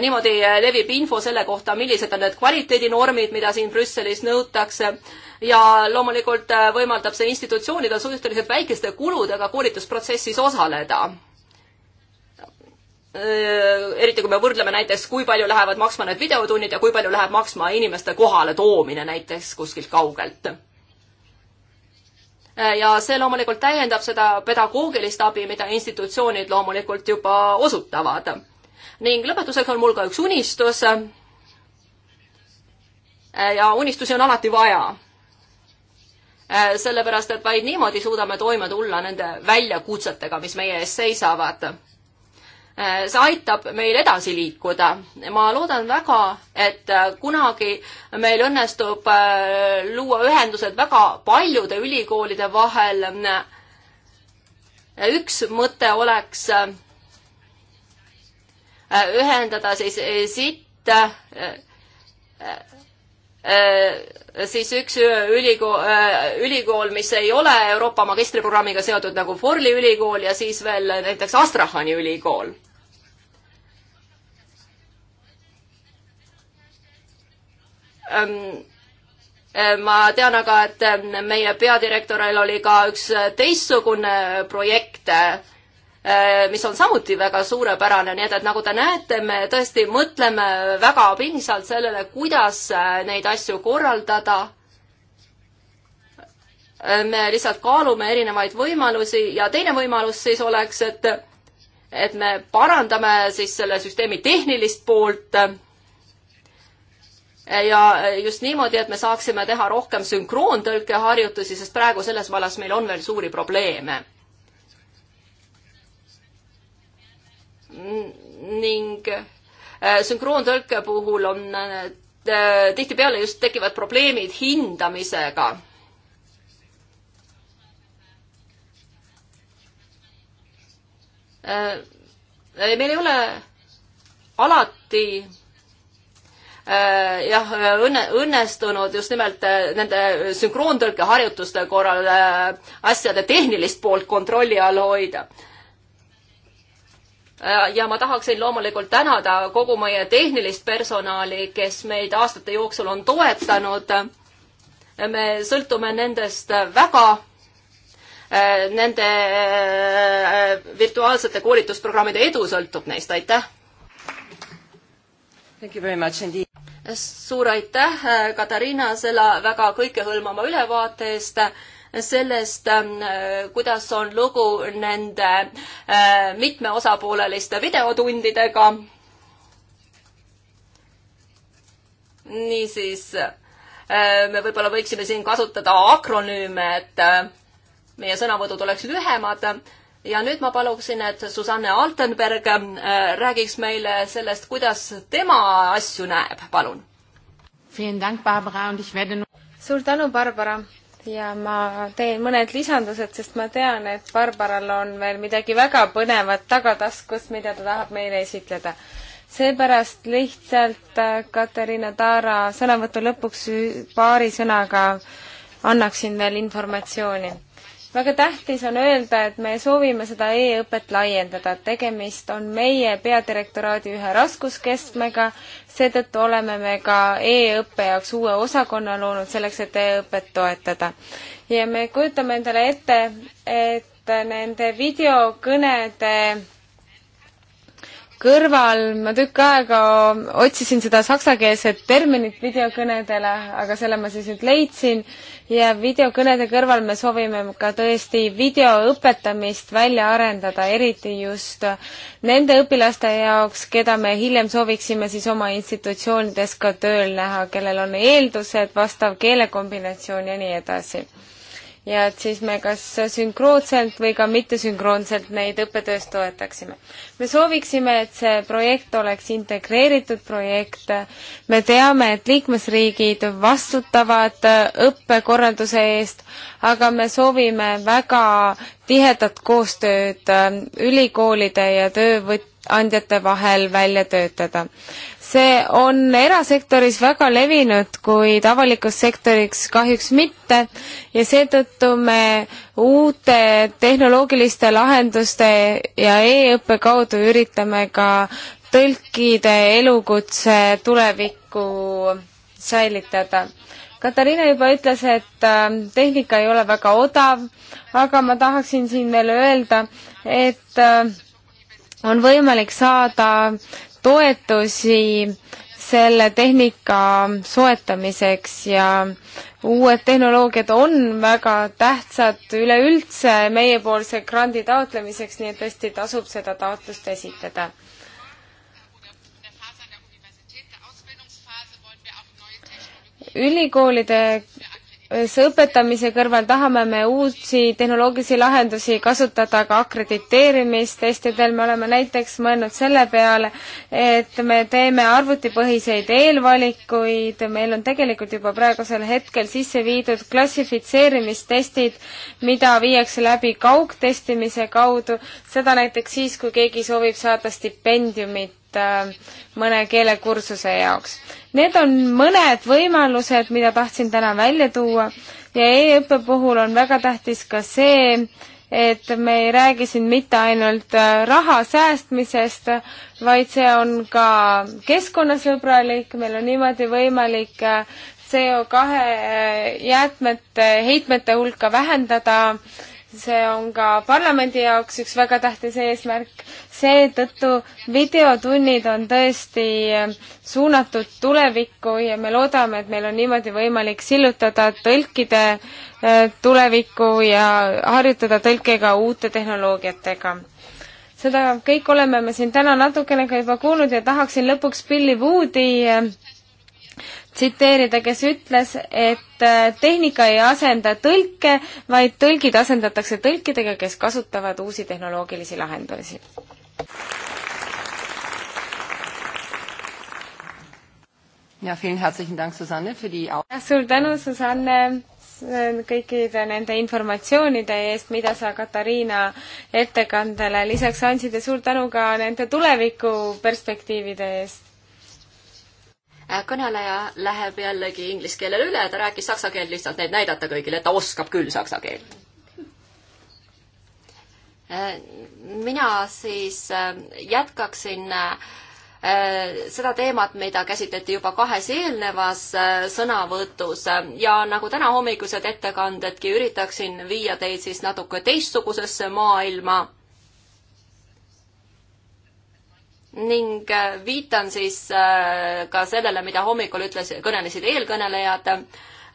niimoodi levib info selle kohta, millised on need kvaliteedinormid, mida siin Brüsselis nõutakse ja loomulikult äh, võimaldab see institutsioonidel suhteliselt väikeste kuludega koolitusprotsessis osaleda äh, eriti kui me võrdleme näiteks, kui palju lähevad maksma need videotunnid ja kui palju läheb maksma inimeste kohale toomine näiteks kuskilt kaugelt. Äh, ja see loomulikult täiendab seda pedagoogilist abi, mida institutsioonid loomulikult juba osutavad. ning lõpetuseks on mul ka üks unistus. ja unistusi on alati vaja Äh, sellepärast et vaid niimoodi suudame toime tulla nende väljakutsetega, mis meie ees seisavad. Äh, see aitab meil edasi liikuda. ma loodan väga, et äh, kunagi meil õnnestub luua ühendused väga paljude ülikoolide vahel. üks mõte oleks ühendada siis siit Äh, siis üks äh, ülikool, äh, ülikool, mis ei ole Euroopa magistriprogrammiga seotud nagu Forli ülikool ja siis veel näiteks Astrahani ülikool. Ähm, ma tean aga, et meie peadirektoril oli ka üks teistsugune projekt Äh, mis on samuti väga suurepärane, nii et, et nagu te näete, me tõesti mõtleme väga pingsalt sellele, kuidas äh, neid asju korraldada äh, me lihtsalt kaalume erinevaid võimalusi ja teine võimalus siis oleks, et, et me parandame siis selle süsteemi tehnilist poolt. ja just niimoodi, et me saaksime teha rohkem sünkroontõlkeharjutusi, sest praegu selles vallas meil on veel suuri probleeme. ning äh, sünkroontõlke puhul on äh, tihtipeale just tekivad probleemid hindamisega äh, meil ei ole alati äh, jah, õnne, õnnestunud just nimelt nende sünkroontõlkeharjutuste korral äh, asjade tehnilist poolt kontrolli all hoida äh,. Äh, ja ma tahaksin loomulikult tänada kogu meie tehnilist personali, kes meid aastate jooksul on toetanud. me sõltume nendest väga, äh, nende äh, virtuaalsete koolitusprogrammide edu sõltub neist, aitäh! suur aitäh, Katariina, selle väga kõikehõlmava ülevaate eest sellest, ähm, kuidas on lugu nende äh, mitmeosapooleliste videotundidega. niisiis, äh, me võib-olla võiksime siin kasutada akronüüme, et äh, meie sõnavõtud oleks lühemad ja nüüd ma paluksin, et Susanne Altenberg räägiks meile sellest, kuidas tema asju näeb, palun. suur tänu, Barbara ja ma teen mõned lisandused, sest ma tean, et Barbaral on veel midagi väga põnevat tagataskus, mida ta tahab meile esitleda. seepärast lihtsalt äh, Katariina Taara sõnavõtu lõpuks paari sõnaga annaksin veel informatsiooni. väga tähtis on öelda, et me soovime seda e-õpet laiendada, tegemist on meie peadirektoraadi ühe raskuskeskmega, seetõttu oleme me ka e-õppe jaoks uue osakonna loonud selleks, et e-õpet toetada. ja me kujutame endale ette, et nende videokõnede kõrval ma tükk aega otsisin seda saksakeelset terminit videokõnedele, aga selle ma siis nüüd leidsin ja videokõnede kõrval me soovime ka tõesti video õpetamist välja arendada, eriti just nende õpilaste jaoks, keda me hiljem sooviksime siis oma institutsioonides ka tööl näha, kellel on eeldused, vastav keelekombinatsioon ja nii edasi ja et siis me kas sünkroonselt või ka mittesünkroonselt neid õppetöös toetaksime. me sooviksime, et see projekt oleks integreeritud projekt, me teame, et liikmesriigid vastutavad õppekorralduse eest, aga me soovime väga tihedat koostööd ülikoolide ja töövõtjate andjate vahel välja töötada see on erasektoris väga levinud, kuid avalikus sektoriks kahjuks mitte ja seetõttu me uute tehnoloogiliste lahenduste ja e-õppe kaudu üritame ka tõlkide elukutse tulevikku säilitada. Katariina juba ütles, et äh, tehnika ei ole väga odav, aga ma tahaksin siin veel öelda, et äh, on võimalik saada toetusi selle tehnika soetamiseks ja uued tehnoloogiad on väga tähtsad üleüldse meiepoolse grandi taotlemiseks, nii et tõesti tasub seda taotlust esitada. ülikoolide see õpetamise kõrval tahame me uusi tehnoloogilisi lahendusi kasutada ka akrediteerimistestidel, me oleme näiteks mõelnud selle peale, et me teeme arvutipõhiseid eelvalikuid, meil on tegelikult juba praegusel hetkel sisse viidud klassifitseerimistestid, mida viiakse läbi kaugtestimise kaudu, seda näiteks siis, kui keegi soovib saada stipendiumit äh, mõne keelekursuse jaoks Need on mõned võimalused, mida tahtsin täna välja tuua ja e-õppe puhul on väga tähtis ka see, et me ei räägi siin mitte ainult äh, raha säästmisest, vaid see on ka keskkonnasõbralik, meil on niimoodi võimalik äh, CO2 äh, jäätmete, heitmete hulka vähendada äh, see on ka parlamendi jaoks üks väga tähtis eesmärk, seetõttu videotunnid on tõesti äh, suunatud tulevikku ja me loodame, et meil on niimoodi võimalik sillutada tõlkide äh, tulevikku ja harjutada tõlkega uute tehnoloogiatega. seda kõik oleme me siin täna natukene ka juba kuulnud ja tahaksin lõpuks Billy Woodi äh, tsiteerida, kes ütles, et äh, tehnika ei asenda tõlke, vaid tõlgid asendatakse tõlkidega, kes kasutavad uusi tehnoloogilisi lahendusi. ja Dank, Susanne, die... suur tänu, Susanne, äh, kõikide nende informatsioonide eest, mida sa Katariina ettekandele lisaks andsid ja suur tänu ka nende tulevikuperspektiivide eest Äh, kõneleja läheb jällegi inglise keelele üle, ta rääkis saksa keelt lihtsalt, et näidata kõigile, et ta oskab küll saksa keelt. Äh, mina siis äh, jätkaksin seda teemat, mida käsitleti juba kahes eelnevas sõnavõtus ja nagu täna hommikused ettekandedki, üritaksin viia teid siis natuke teistsugusesse maailma ning äh, viitan siis äh, ka sellele, mida hommikul ütles, kõnelesid eelkõnelejad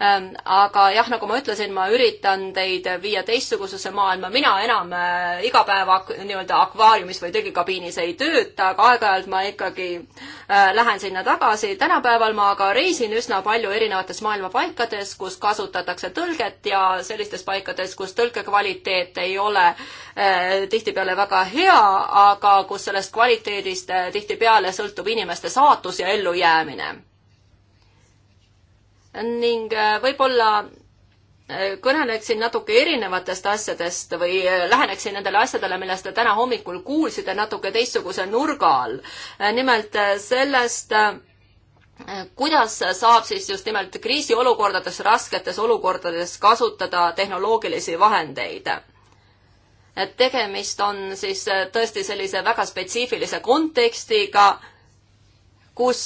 Ähm, aga jah, nagu ma ütlesin, ma üritan teid viia teistsugusesse maailma, mina enam äh, iga päev nii-öelda akvaariumis või tõlgikabiinis ei tööta, aga aeg-ajalt ma ikkagi äh, lähen sinna tagasi. tänapäeval ma aga reisin üsna palju erinevates maailma paikades, kus kasutatakse tõlget ja sellistes paikades, kus tõlke kvaliteet ei ole äh, tihtipeale väga hea, aga kus sellest kvaliteedist tihtipeale sõltub inimeste saatus ja ellujäämine ning äh, võib-olla äh, kõneleksin natuke erinevatest asjadest või äh, läheneksin nendele asjadele, millest te täna hommikul kuulsite, natuke teistsuguse nurga all. nimelt sellest, kuidas saab siis just nimelt kriisiolukordades, rasketes olukordades kasutada tehnoloogilisi vahendeid et tegemist on siis tõesti sellise väga spetsiifilise kontekstiga kus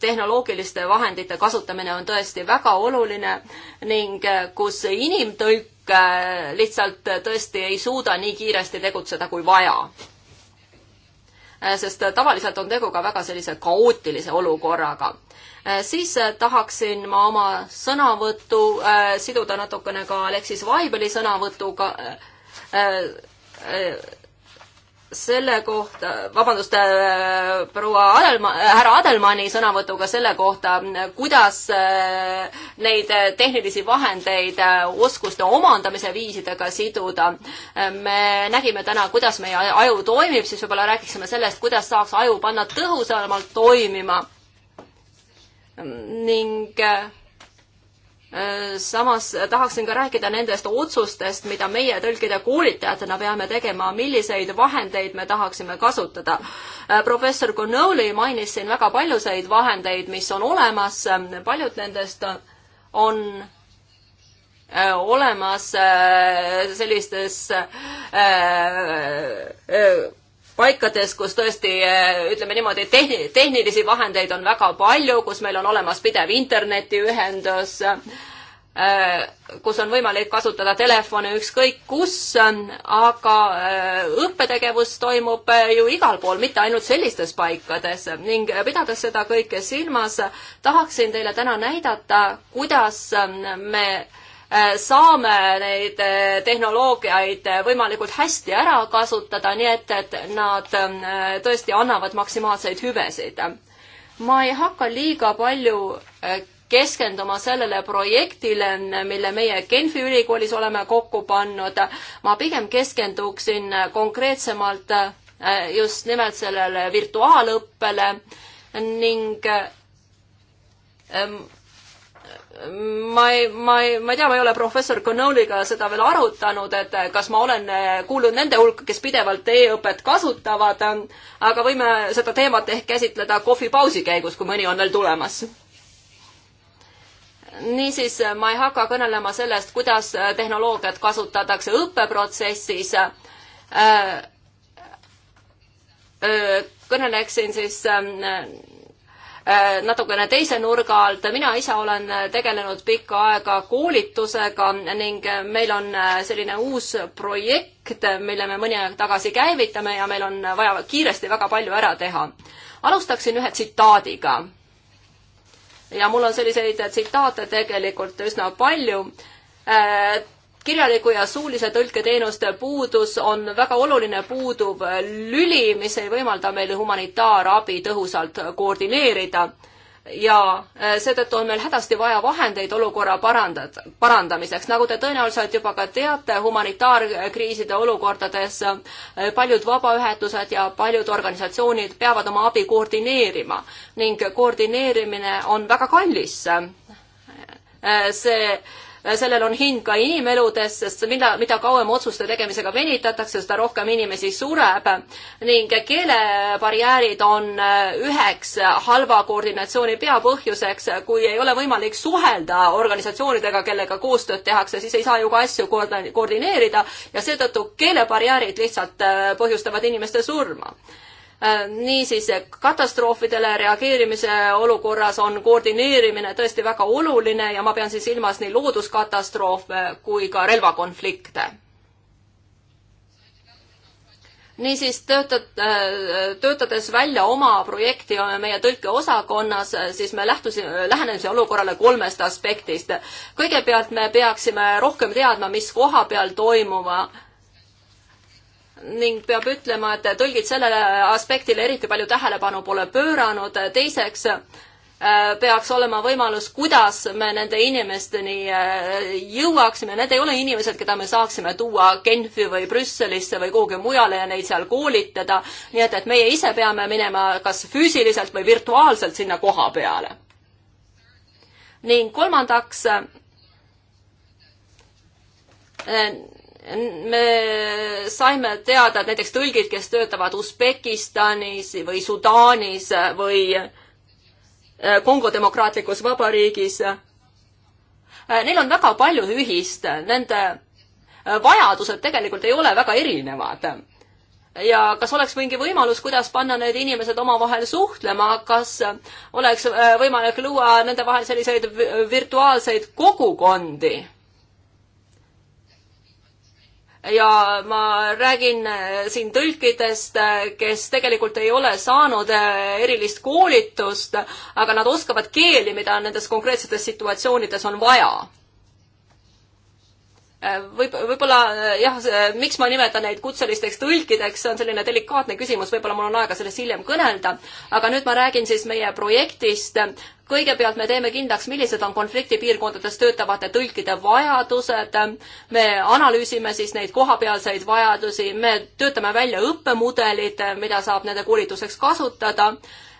tehnoloogiliste vahendite kasutamine on tõesti väga oluline ning kus inimtõlk äh, lihtsalt tõesti ei suuda nii kiiresti tegutseda kui vaja. Äh, sest tavaliselt on tegu ka väga sellise kaootilise olukorraga äh, siis tahaksin ma oma sõnavõttu siduda natukene ka Aleksis Vaibeli sõnavõtuga selle kohta, vabandust äh,, proua Adelma- äh,, härra Adelmanni sõnavõtuga selle kohta, kuidas äh, neid tehnilisi vahendeid äh, oskuste omandamise viisidega siduda. Äh, me nägime täna, kuidas meie aju toimib, siis võib-olla räägiksime sellest, kuidas saaks aju panna tõhusamalt toimima ning äh, Äh, samas tahaksin ka rääkida nendest otsustest, mida meie tõlkide koolitajatena peame tegema, milliseid vahendeid me tahaksime kasutada. Äh, professor Connolly mainis siin väga paljusid vahendeid, mis on olemas, paljud nendest on äh, olemas sellistes paikades, kus tõesti eh, ütleme niimoodi, tehni-, tehnilisi vahendeid on väga palju, kus meil on olemas pidev internetiühendus, eh, kus on võimalik kasutada telefone ükskõik kus, aga eh, õppetegevus toimub ju igal pool, mitte ainult sellistes paikades ning pidades seda kõike silmas, tahaksin teile täna näidata, kuidas me Äh, saame neid äh, tehnoloogiaid äh, võimalikult hästi ära kasutada, nii et, et nad ähm, tõesti annavad maksimaalseid hüvesid. ma ei hakka liiga palju keskenduma sellele projektile, mille meie Genfi ülikoolis oleme kokku pannud. ma pigem keskenduksin konkreetsemalt just nimelt sellele virtuaalõppele ning ähm, ma ei, ma ei, ma ei tea, ma ei ole professor Connolliga seda veel arutanud, et kas ma olen eh, kuulnud nende hulka, kes pidevalt e-õpet kasutavad, aga võime seda teemat ehk käsitleda kohvipausi käigus, kui mõni on veel tulemas. niisiis, ma ei hakka kõnelema sellest, kuidas tehnoloogiat kasutatakse õppeprotsessis äh,. Äh, kõneleksin siis äh, Äh, natukene teise nurga alt. mina ise olen äh, tegelenud pikka aega koolitusega ning äh, meil on selline uus projekt, mille me mõni aeg tagasi käivitame ja meil on vaja kiiresti väga palju ära teha. alustaksin ühe tsitaadiga. ja mul on selliseid tsitaate tegelikult üsna palju kirjaliku ja suulise tõlketeenuste puudus on väga oluline puuduv lüli, mis ei võimalda meil humanitaarabi tõhusalt koordineerida ja äh, seetõttu on meil hädasti vaja vahendeid olukorra parandad, parandamiseks. nagu te tõenäoliselt juba ka teate, humanitaarkriiside olukordades äh, paljud vabaühendused ja paljud organisatsioonid peavad oma abi koordineerima ning koordineerimine on väga kallis. Äh, see Äh, sellel on hind ka inimeludes, sest mida, mida kauem otsuste tegemisega venitatakse, seda rohkem inimesi sureb ning keelebarjäärid on äh, üheks halva koordinatsiooni peapõhjuseks, kui ei ole võimalik suhelda organisatsioonidega, kellega koostööd tehakse, siis ei saa ju ka asju koordineerida ja seetõttu keelebarjäärid lihtsalt äh, põhjustavad inimeste surma Äh, niisiis katastroofidele reageerimise olukorras on koordineerimine tõesti väga oluline ja ma pean siin silmas nii looduskatastroofe kui ka relvakonflikte. niisiis töötad, äh, töötades välja oma projekti meie tõlkeosakonnas, äh, siis me lähtusime, lähenesime olukorrale kolmest aspektist. kõigepealt me peaksime rohkem teadma, mis koha peal toimuma ning peab ütlema, et tõlgid sellele aspektile eriti palju tähelepanu pole pööranud. teiseks äh, peaks olema võimalus, kuidas me nende inimesteni äh, jõuaksime. Need ei ole inimesed, keda me saaksime tuua Genfi või Brüsselisse või kuhugi mujale ja neid seal koolitada. nii et, et meie ise peame minema kas füüsiliselt või virtuaalselt sinna koha peale. ning kolmandaks äh, me saime teada, et näiteks tõlgid, kes töötavad Usbekistanis või Sudaanis või äh, Kongo demokraatlikus vabariigis, äh, neil on väga palju ühist, nende äh, vajadused tegelikult ei ole väga erinevad. ja kas oleks mingi võimalus, kuidas panna need inimesed omavahel suhtlema, kas oleks võimalik luua nende vahel selliseid virtuaalseid kogukondi? ja ma räägin äh, siin tõlkidest, äh, kes tegelikult ei ole saanud äh, erilist koolitust, aga nad oskavad keeli, mida nendes konkreetsetes situatsioonides on vaja võib, võib-olla äh, jah, äh, miks ma nimetan neid kutselisteks tõlkideks, see on selline delikaatne küsimus, võib-olla mul on aega sellest hiljem kõnelda, aga nüüd ma räägin siis meie projektist. kõigepealt me teeme kindlaks, millised on konfliktipiirkondades töötavate tõlkide vajadused, me analüüsime siis neid kohapealseid vajadusi, me töötame välja õppemudelid, mida saab nende koolituseks kasutada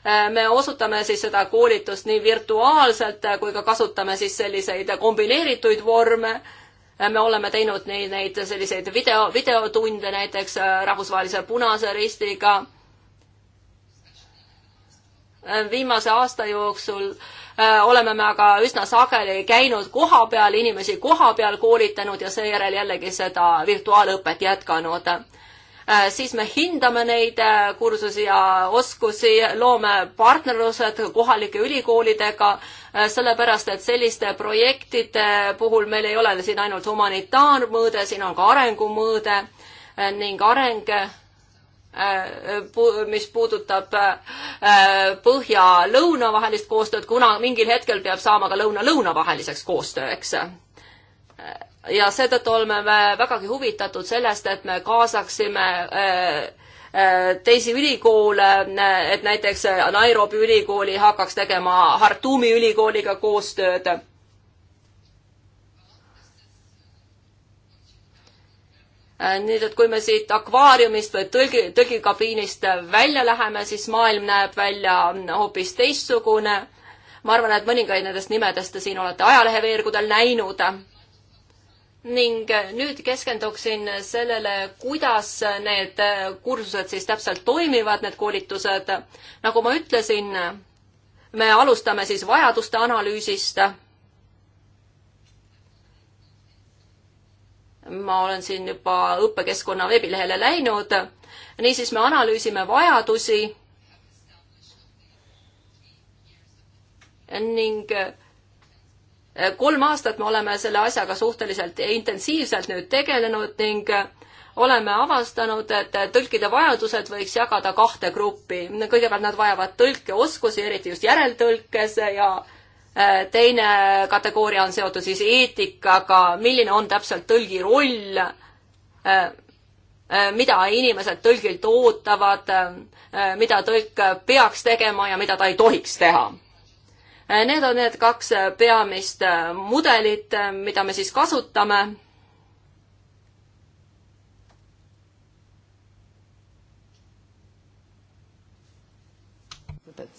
äh, me osutame siis seda koolitust nii virtuaalselt kui ka kasutame siis selliseid kombineerituid vorme me oleme teinud neid, neid selliseid video, videotunde näiteks äh, Rahvusvahelise Punase Ristiga. Äh, viimase aasta jooksul äh, oleme me aga üsna sageli käinud koha peal, inimesi koha peal koolitanud ja seejärel jällegi seda virtuaalõpet jätkanud. siis me hindame neid kursusi ja oskusi, loome partnerlused kohalike ülikoolidega Äh, sellepärast et selliste projektide puhul meil ei ole siin ainult humanitaarmõõde, siin on ka arengumõõde äh, ning areng äh, mis puudutab põhja-lõuna vahelist koostööd, kuna mingil hetkel peab saama ka lõuna-lõuna vaheliseks koostööks. ja seetõttu oleme me vägagi huvitatud sellest, et me kaasaksime Äh, teisi ülikoole, äh, et näiteks äh, Nairobi ülikooli hakkaks tegema Hartumi ülikooliga koostööd. nii et kui me siit akvaariumist või tõlgi, tõlgikabiinist välja läheme, siis maailm näeb välja mm, hoopis teistsugune. ma arvan, et mõningaid nendest nimedest te siin olete ajaleheveergudel näinud ning nüüd keskenduksin sellele, kuidas need kursused siis täpselt toimivad, need koolitused. nagu ma ütlesin, me alustame siis vajaduste analüüsist. ma olen siin juba õppekeskkonna veebilehele läinud. niisiis me analüüsime vajadusi ning kolm aastat me oleme selle asjaga suhteliselt intensiivselt nüüd tegelenud ning oleme avastanud, et tõlkide vajadused võiks jagada kahte gruppi. kõigepealt nad vajavad tõlkeoskusi, eriti just järeltõlkes ja äh, teine kategooria on seotud siis eetikaga, milline on täpselt tõlgi roll, äh, äh, mida inimesed tõlgilt ootavad, mida tõlk peaks tegema ja mida ta ei tohiks teha Äh, need on need kaks äh, peamist äh, mudelit, mida me siis kasutame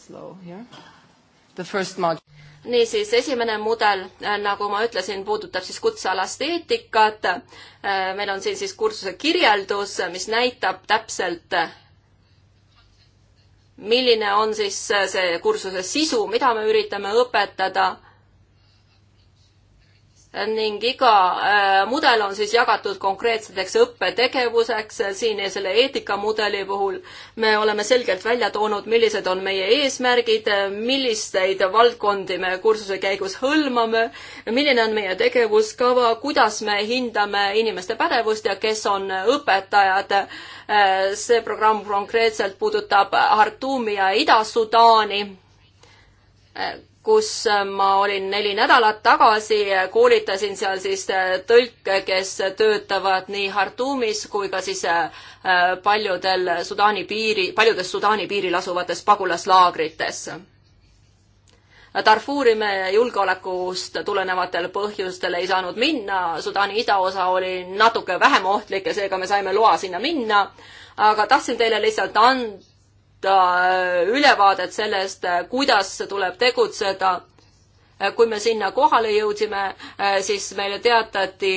slow here. The first mod-. niisiis, esimene mudel, nagu ma ütlesin, puudutab siis kutsealast eetikat. meil on siin siis kursuse kirjeldus, mis näitab täpselt, milline on siis see kursuse sisu, mida me üritame õpetada ning iga äh, mudel on siis jagatud konkreetseteks õppetegevuseks, äh, siin selle eetikamudeli puhul me oleme selgelt välja toonud, millised on meie eesmärgid, äh, millisteid valdkondi me kursuse käigus hõlmame, milline on meie tegevuskava, kuidas me hindame inimeste pädevust ja kes on õpetajad. see programm konkreetselt puudutab Hartumi ja Ida-Sudaani kus äh, ma olin neli nädalat tagasi, koolitasin seal siis äh, tõlke, kes töötavad nii Khartoumis kui ka siis äh, paljudel Sudaani piiri, paljudes Sudaani piiril asuvates pagulaslaagrites. Darfuri me julgeolekust tulenevatel põhjustel ei saanud minna, Sudaani idaosa oli natuke vähem ohtlik ja seega me saime loa sinna minna, aga tahtsin teile lihtsalt and-, saada äh, ülevaadet sellest, äh, kuidas tuleb tegutseda. Äh, kui me sinna kohale jõudsime, siis meile teatati,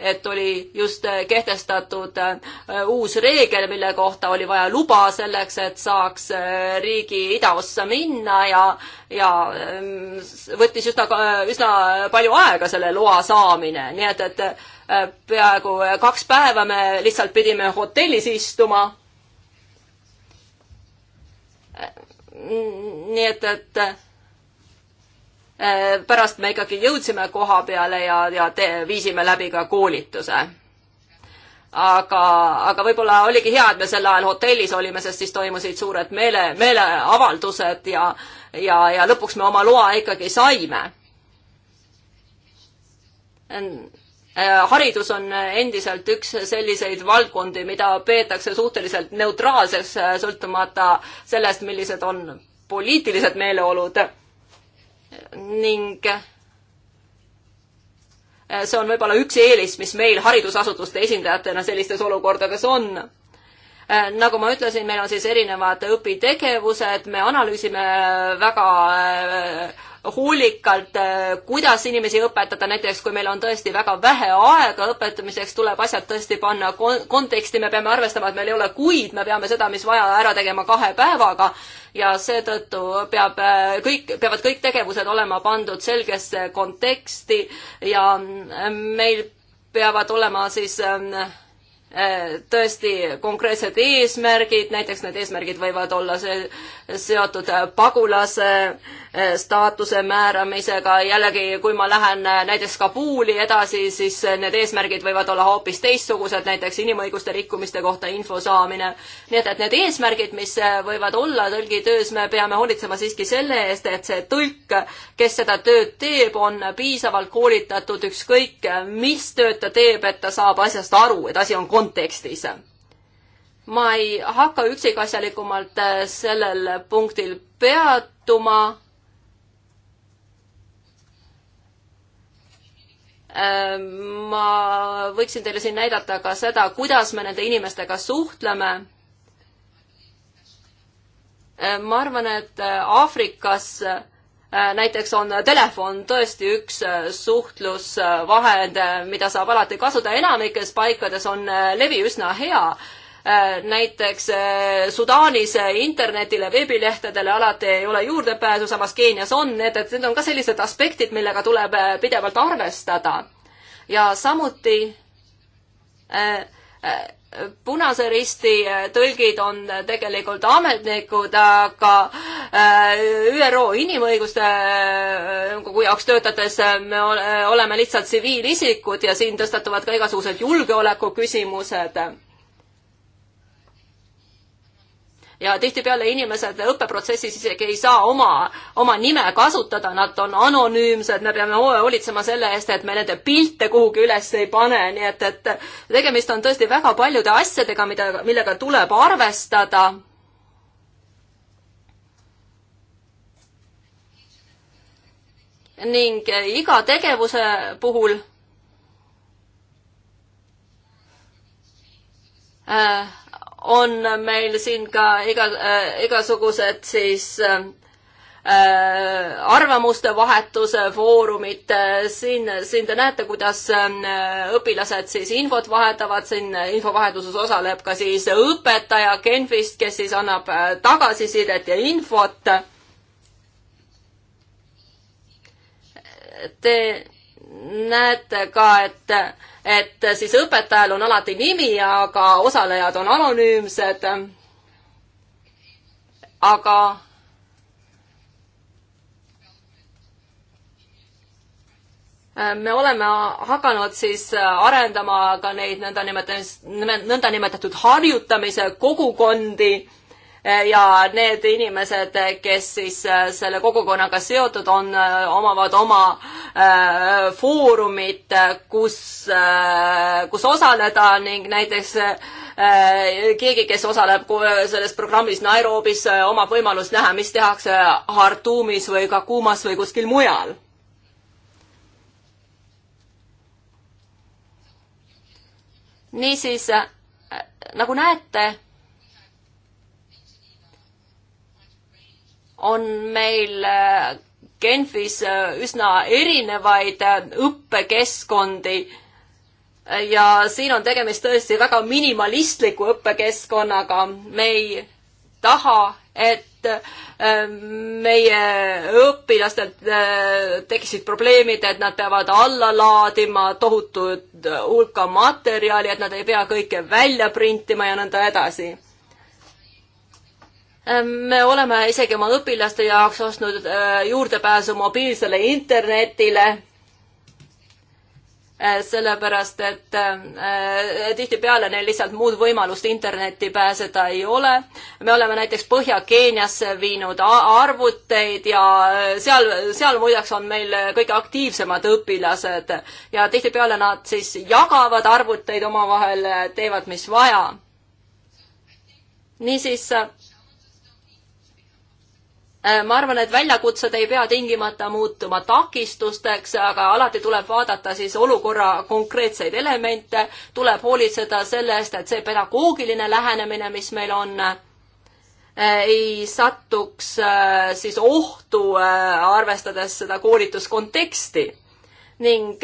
et oli just kehtestatud uus reegel, mille kohta oli vaja luba selleks, et saaks riigi idaossa minna ja, ja võttis üsna, üsna palju aega selle loa saamine, nii et, et peaaegu kaks päeva me lihtsalt pidime hotellis istuma nii et, et äh, pärast me ikkagi jõudsime koha peale ja, ja te, viisime läbi ka koolituse. aga, aga võib-olla oligi hea, et me sel ajal hotellis olime, sest siis toimusid suured meele, meeleavaldused ja, ja, ja lõpuks me oma loa ikkagi saime Äh, haridus on äh, endiselt üks selliseid valdkondi, mida peetakse suhteliselt neutraalseks, äh, sõltumata sellest, millised on poliitilised meeleolud. ning see on võib-olla üks eelis, mis meil haridusasutuste esindajatena sellistes olukordades on nagu ma ütlesin, meil on siis erinevad õpitegevused, me analüüsime väga hoolikalt, äh, kuidas inimesi õpetada, näiteks kui meil on tõesti väga vähe aega õpetamiseks, tuleb asjad tõesti panna kon-, konteksti, me peame arvestama, et meil ei ole kuid, me peame seda, mis vaja, ära tegema kahe päevaga ja seetõttu peab äh, kõik, peavad kõik tegevused olema pandud selgesse konteksti ja mm, meil peavad olema siis äh, Äh, tõesti konkreetsed eesmärgid, näiteks need eesmärgid võivad olla see, seotud äh, pagulase äh, staatuse määramisega, jällegi kui ma lähen näiteks Kabuli edasi, siis need eesmärgid võivad olla hoopis teistsugused, näiteks inimõiguste rikkumiste kohta info saamine. nii et, et need eesmärgid, mis võivad olla tõlgitöös, me peame hoolitsema siiski selle eest, et see tõlk, kes seda tööd teeb, on piisavalt koolitatud ükskõik, mis tööd ta teeb, et ta saab asjast aru, et asi on kontekst kontekstis. ma ei hakka üksikasjalikumalt äh, sellel punktil peatuma. Äh, ma võiksin teile siin näidata ka seda, kuidas me nende inimestega suhtleme äh, ma arvan, et Aafrikas Äh, näiteks on telefon tõesti üks äh, suhtlusvahend, äh, mida saab alati kasutada, enamikes paikades on levi üsna hea. näiteks Sudaanis internetile, veebilehtedele alati ei ole juurdepääsu, samas Keenias on, et, et need on ka sellised aspektid, millega tuleb pidevalt arvestada. ja samuti äh, äh, punase risti äh, tõlgid on äh, tegelikult ametnikud, aga äh, ÜRO Inimõiguste Nõukogu jaoks töötades me oleme lihtsalt tsiviilisikud ja siin tõstatuvad ka igasugused julgeoleku küsimused ja tihtipeale inimesed õppeprotsessis isegi ei saa oma, oma nime kasutada, nad on anonüümsed, me peame hoolitsema selle eest, et me nende pilte kuhugi üles ei pane, nii et, et tegemist on tõesti väga paljude asjadega, mida, millega tuleb arvestada. ning iga tegevuse puhul äh, on meil siin ka iga äh,, igasugused siis äh, arvamuste vahetuse foorumid, siin, siin te näete, kuidas äh, õpilased siis infot vahetavad, siin infovahetuses osaleb ka siis õpetaja Genfist, kes siis annab äh, tagasisidet ja infot. Te näete ka, et, et siis õpetajal on alati nimi, aga osalejad on anonüümsed. aga me oleme hakanud siis arendama ka neid nõndanimetatud, nõndanimetatud harjutamise kogukondi Eh, ja need inimesed, kes siis eh, selle kogukonnaga seotud on, eh, omavad oma äh, foorumit, kus äh,, kus osaleda ning näiteks äh, keegi, kes osaleb selles programmis Nairobis, omab võimalust näha, mis tehakse Hartumis või Kakumas või kuskil mujal niisiis, nagu näete, on meil äh, Genfis äh, üsna erinevaid äh, õppekeskkondi ja siin on tegemist tõesti väga minimalistliku õppekeskkonnaga. me ei taha, et meie õpilastel tekkisid probleemid, et nad peavad alla laadima tohutut hulka materjali, et nad ei pea kõike välja printima ja nõnda edasi Ehm, me oleme isegi oma õpilaste jaoks ostnud ehm, juurdepääsu mobiilsele internetile ehm, sellepärast, et tihtipeale neil lihtsalt muud võimalust internetti pääseda ei ole. me oleme näiteks Põhja-Keeniasse viinud arvuteid ja seal, seal muideks on meil kõige aktiivsemad õpilased ja tihtipeale nad siis jagavad arvuteid omavahel, teevad, mis vaja. niisiis Äh, ma arvan, et väljakutsed ei pea tingimata muutuma takistusteks, aga alati tuleb vaadata siis olukorra konkreetseid elemente, tuleb hoolitseda selle eest, et see pedagoogiline lähenemine, mis meil on, äh, ei satuks äh, siis ohtu, arvestades seda koolituskonteksti. ning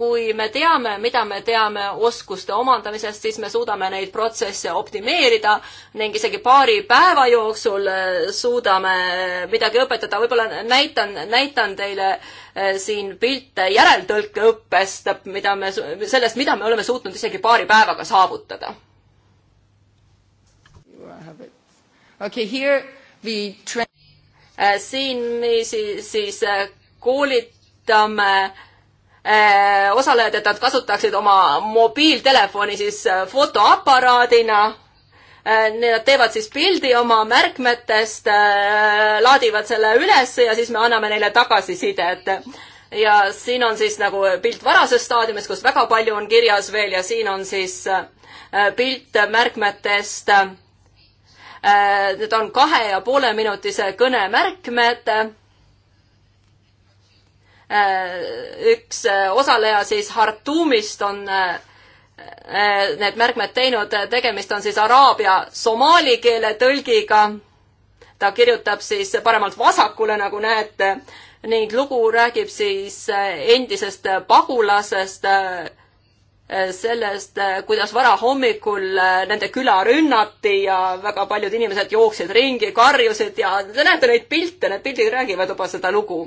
kui me teame, mida me teame oskuste omandamisest, siis me suudame neid protsesse optimeerida ning isegi paari päeva jooksul eh, suudame midagi õpetada. võib-olla näitan, näitan teile eh, siin pilte järeltõlkeõppest, mida me, sellest, mida me oleme suutnud isegi paari päevaga saavutada. okei okay,, here we train. Eh, siin niisiis siis koolitame Äh, osalejad, et nad kasutaksid oma mobiiltelefoni siis äh, fotoaparaadina. Äh, nad teevad siis pildi oma märkmetest, laadivad selle üles ja siis me anname neile tagasisidet. ja siin on siis nagu pilt varases staadiumis, kus väga palju on kirjas veel ja siin on siis pilt märkmetest. Need on kahe ja poole minutise kõne märkmed Äh, üks äh, osaleja siis Hartumist on äh, need märkmed teinud, tegemist on siis araabia somaali keele tõlgiga. ta kirjutab siis paremalt vasakule, nagu näete, ning lugu räägib siis endisest pagulasest, sellest, kuidas varahommikul nende küla rünnati ja väga paljud inimesed jooksid ringi, karjusid ja te näete neid pilte, need pildid räägivad juba seda lugu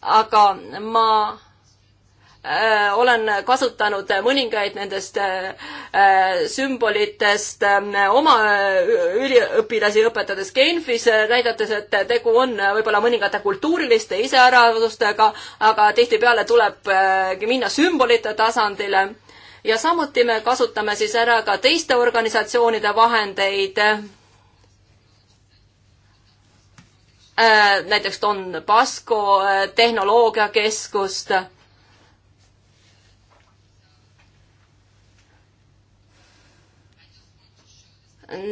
aga ma äh, olen kasutanud mõningaid nendest äh, sümbolitest äh, oma üliõpilasi õpetades Genfis, näidates, et tegu on võib-olla mõningate kultuuriliste iseäravustega, aga tihtipeale tuleb minna sümbolite tasandile. ja samuti me kasutame siis ära ka teiste organisatsioonide vahendeid Äh, näiteks Don Basco äh, tehnoloogiakeskust.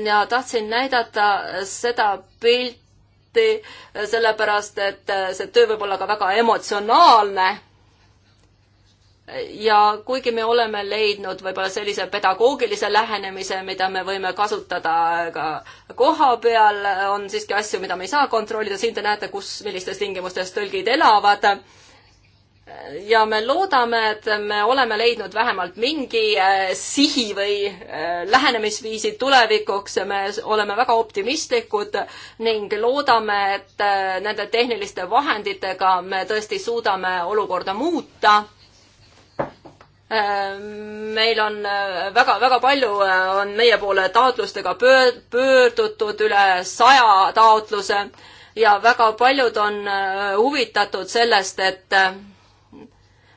ja tahtsin näidata seda pilti, äh, sellepärast et see töö võib olla ka väga emotsionaalne ja kuigi me oleme leidnud võib-olla sellise pedagoogilise lähenemise, mida me võime kasutada ka koha peal, on siiski asju, mida me ei saa kontrollida, siin te näete, kus, millistes tingimustes tõlgid elavad. ja me loodame, et me oleme leidnud vähemalt mingi eh, sihi või eh, lähenemisviisi tulevikuks, me oleme väga optimistlikud ning loodame, et eh, nende tehniliste vahenditega me tõesti suudame olukorda muuta Äh, meil on äh, väga, väga palju äh, on meie poole taotlustega pöör-, pöördutud, üle saja taotluse ja väga paljud on huvitatud sellest, et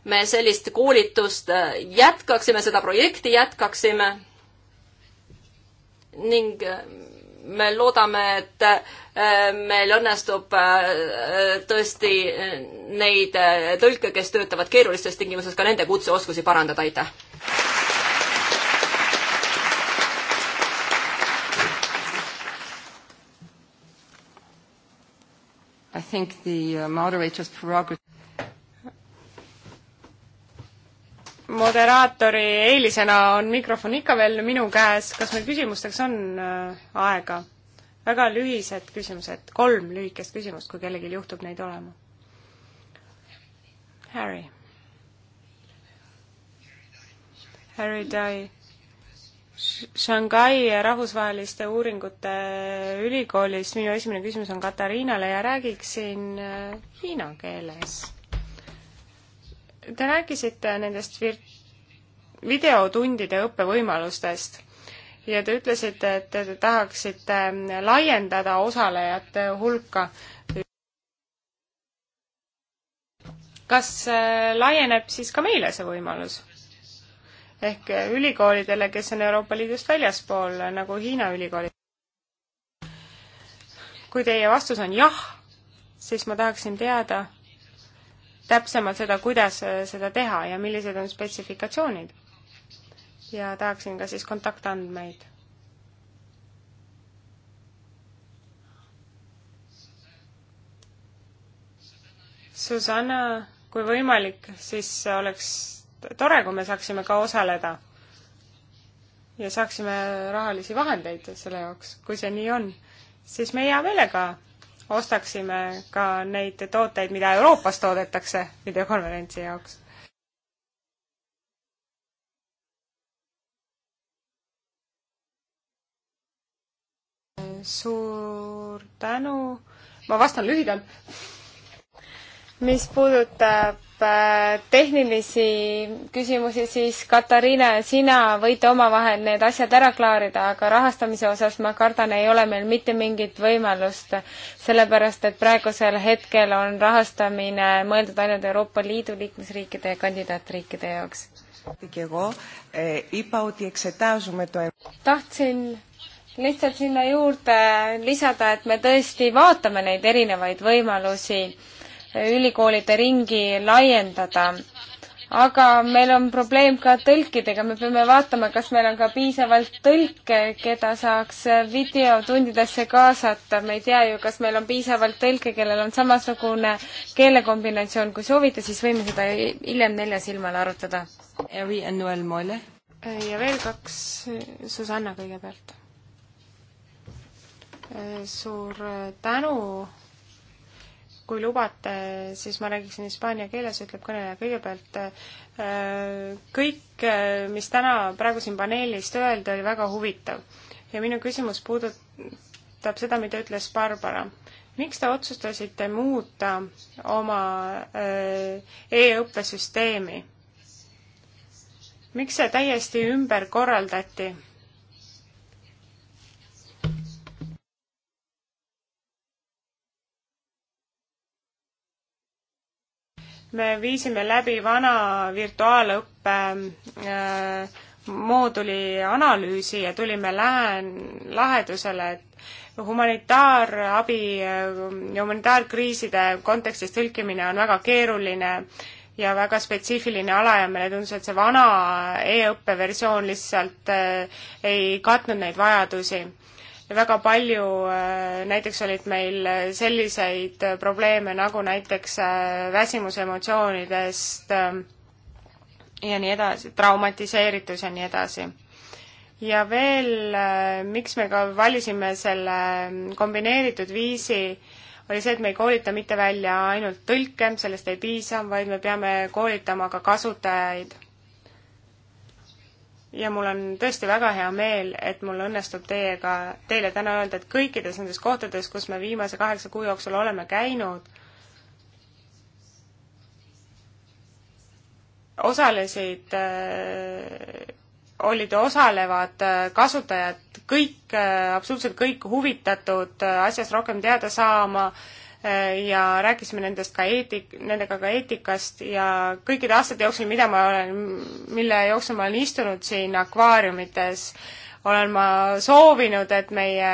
me sellist koolitust jätkaksime, seda projekti jätkaksime ning me loodame, et äh, meil õnnestub äh, tõesti äh, neid tõlke, kes töötavad keerulistes tingimustes, ka nende kutseoskusi parandada, aitäh! I think the uh, moderator's prerogative moderaatori eelisena on mikrofon ikka veel minu käes, kas meil küsimusteks on äh, aega? väga lühised küsimused, kolm lühikest küsimust, kui kellelgi juhtub neid olema. Harry. Harry Dye. Shanghai rahvusvaheliste uuringute ülikoolis minu esimene küsimus on Katariinale ja räägiksin äh, hiina keeles Te rääkisite nendest vir-, videotundide õppevõimalustest ja te ütlesite, et te tahaksite laiendada osalejate hulka. kas äh, laieneb siis ka meile see võimalus? ehk ülikoolidele, kes on Euroopa Liidust väljaspool, nagu Hiina ülikoolid. kui teie vastus on jah, siis ma tahaksin teada, täpsemalt seda, kuidas äh, seda teha ja millised on spetsifikatsioonid. ja tahaksin ka siis kontaktandmeid. Susanna, kui võimalik, siis oleks tore, kui me saaksime ka osaleda ja saaksime rahalisi vahendeid selle jaoks, kui see nii on, siis me hea meelega ostaksime ka neid tooteid, mida Euroopas toodetakse videokonverentsi jaoks suur tänu. ma vastan lühidalt mis puudutab äh, tehnilisi küsimusi, siis Katariina ja sina võite omavahel need asjad ära klaarida, aga rahastamise osas ma kardan, ei ole meil mitte mingit võimalust, sellepärast et praegusel hetkel on rahastamine mõeldud ainult Euroopa Liidu liikmesriikide ja kandidaatriikide jaoks. tahtsin lihtsalt sinna juurde lisada, et me tõesti vaatame neid erinevaid võimalusi ülikoolide ringi laiendada. aga meil on probleem ka tõlkidega, me peame vaatama, kas meil on ka piisavalt tõlke, keda saaks videotundidesse kaasata, me ei tea ju, kas meil on piisavalt tõlke, kellel on samasugune keelekombinatsioon, kui soovite, siis võime seda hiljem nelja silmale arutada. ja veel kaks, Susanna kõigepealt suur tänu, kui lubate, siis ma räägiksin hispaania keeles, ütleb kõneleja kõigepealt. Äh, kõik, äh, mis täna praegu siin paneelist öeldi, oli väga huvitav ja minu küsimus puudutab seda, mida ütles Barbara. miks te otsustasite muuta oma äh, e-õppesüsteemi? miks see täiesti ümber korraldati? me viisime läbi vana virtuaalõppe äh, mooduli analüüsi ja tulime lähen-, lahendusele, et humanitaarabi, äh, humanitaarkriiside kontekstis tõlkimine on väga keeruline ja väga spetsiifiline ala ja meile tundus, et see vana e-õppe versioon lihtsalt äh, ei katnud neid vajadusi väga palju, äh, näiteks olid meil äh, selliseid äh, probleeme nagu näiteks väsimus emotsioonidest ähm, ja nii edasi, traumatiseeritus ja nii edasi. ja veel, miks me ka valisime selle ähm, kombineeritud viisi, oli see, et me ei koolita mitte välja ainult tõlke, sellest ei piisa, vaid me peame koolitama ka kasutajaid ja mul on tõesti väga hea meel, et mul õnnestub teiega, teile täna öelda, et kõikides nendes kohtades, kus me viimase kaheksa kuu jooksul oleme käinud, osalesid äh,, olid osalevad äh, kasutajad kõik äh,, absoluutselt kõik huvitatud äh, asjast rohkem teada saama äh,, Äh, ja rääkisime nendest ka eetik-, nendega ka eetikast ja kõikide aastate jooksul, mida ma olen, mille jooksul ma olen istunud siin akvaariumites, olen ma soovinud, et meie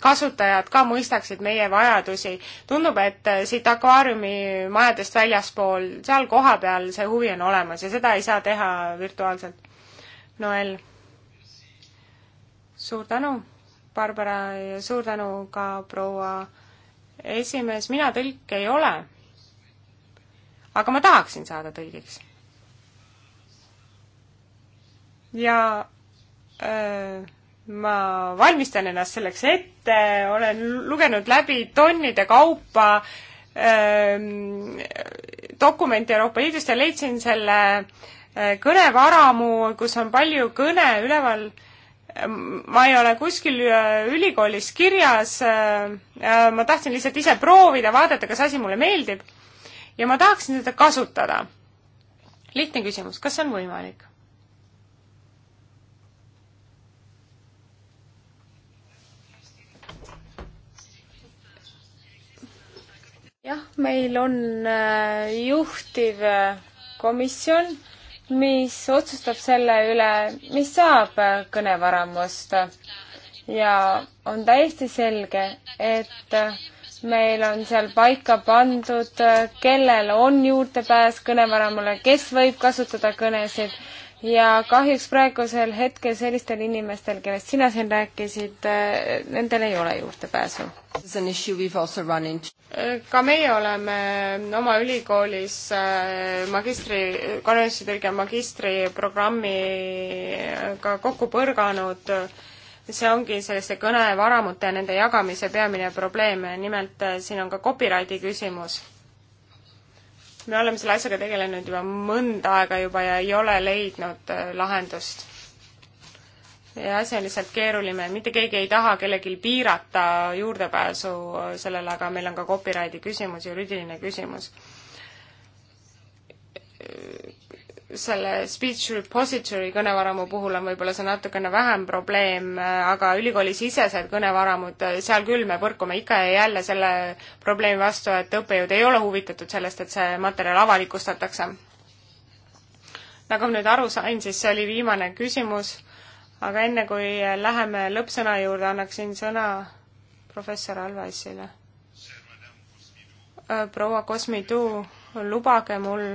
kasutajad ka mõistaksid meie vajadusi. tundub, et äh, siit akvaariumimajadest väljaspool, seal kohapeal see huvi on olemas ja seda ei saa teha virtuaalselt. Noel, suur tänu, Barbara, ja suur tänu ka proua esimees, mina tõlk ei ole. aga ma tahaksin saada tõlgiks. ja öö, ma valmistan ennast selleks ette, olen lugenud läbi tonnide kaupa öö, dokumente Euroopa Liidust ja leidsin selle kõnevaramu, kus on palju kõne üleval öö, ma ei ole kuskil äh, ülikoolis kirjas, äh, äh, ma tahtsin lihtsalt ise proovida, vaadata, kas asi mulle meeldib. ja ma tahaksin seda kasutada. lihtne küsimus, kas see on võimalik? jah, meil on juhtiv komisjon mis otsustab selle üle, mis saab kõnevaramust. ja on täiesti selge, et meil on seal paika pandud, kellel on juurdepääs kõnevaramule, kes võib kasutada kõnesid ja kahjuks praegusel hetkel sellistel inimestel, kellest sina siin rääkisid, äh, nendel ei ole juurdepääsu. Äh, ka meie oleme äh, oma ülikoolis magistri, konverentsitõlge magistriprogrammiga kokku põrganud see ongi selliste kõnevaramute ja nende jagamise peamine probleem, nimelt siin on ka copyrighti küsimus me oleme selle asjaga tegelenud juba mõnda aega juba ja ei ole leidnud äh, lahendust. ja asi on lihtsalt keeruline, mitte keegi ei taha kellelgi piirata juurdepääsu äh, sellele, aga meil on ka copyrighti küsimus, juriidiline küsimus äh, selle speech repository kõnevaramu puhul on võib-olla see natukene vähem probleem, aga ülikoolisisesed kõnevaramud, seal küll me põrkume ikka ja jälle selle probleemi vastu, et õppejõud ei ole huvitatud sellest, et see materjal avalikustatakse. nagu ma nüüd aru sain, siis see oli viimane küsimus, aga enne kui läheme lõppsõna juurde, annaksin sõna professor Alvasile. proua Kosmidu, lubage mul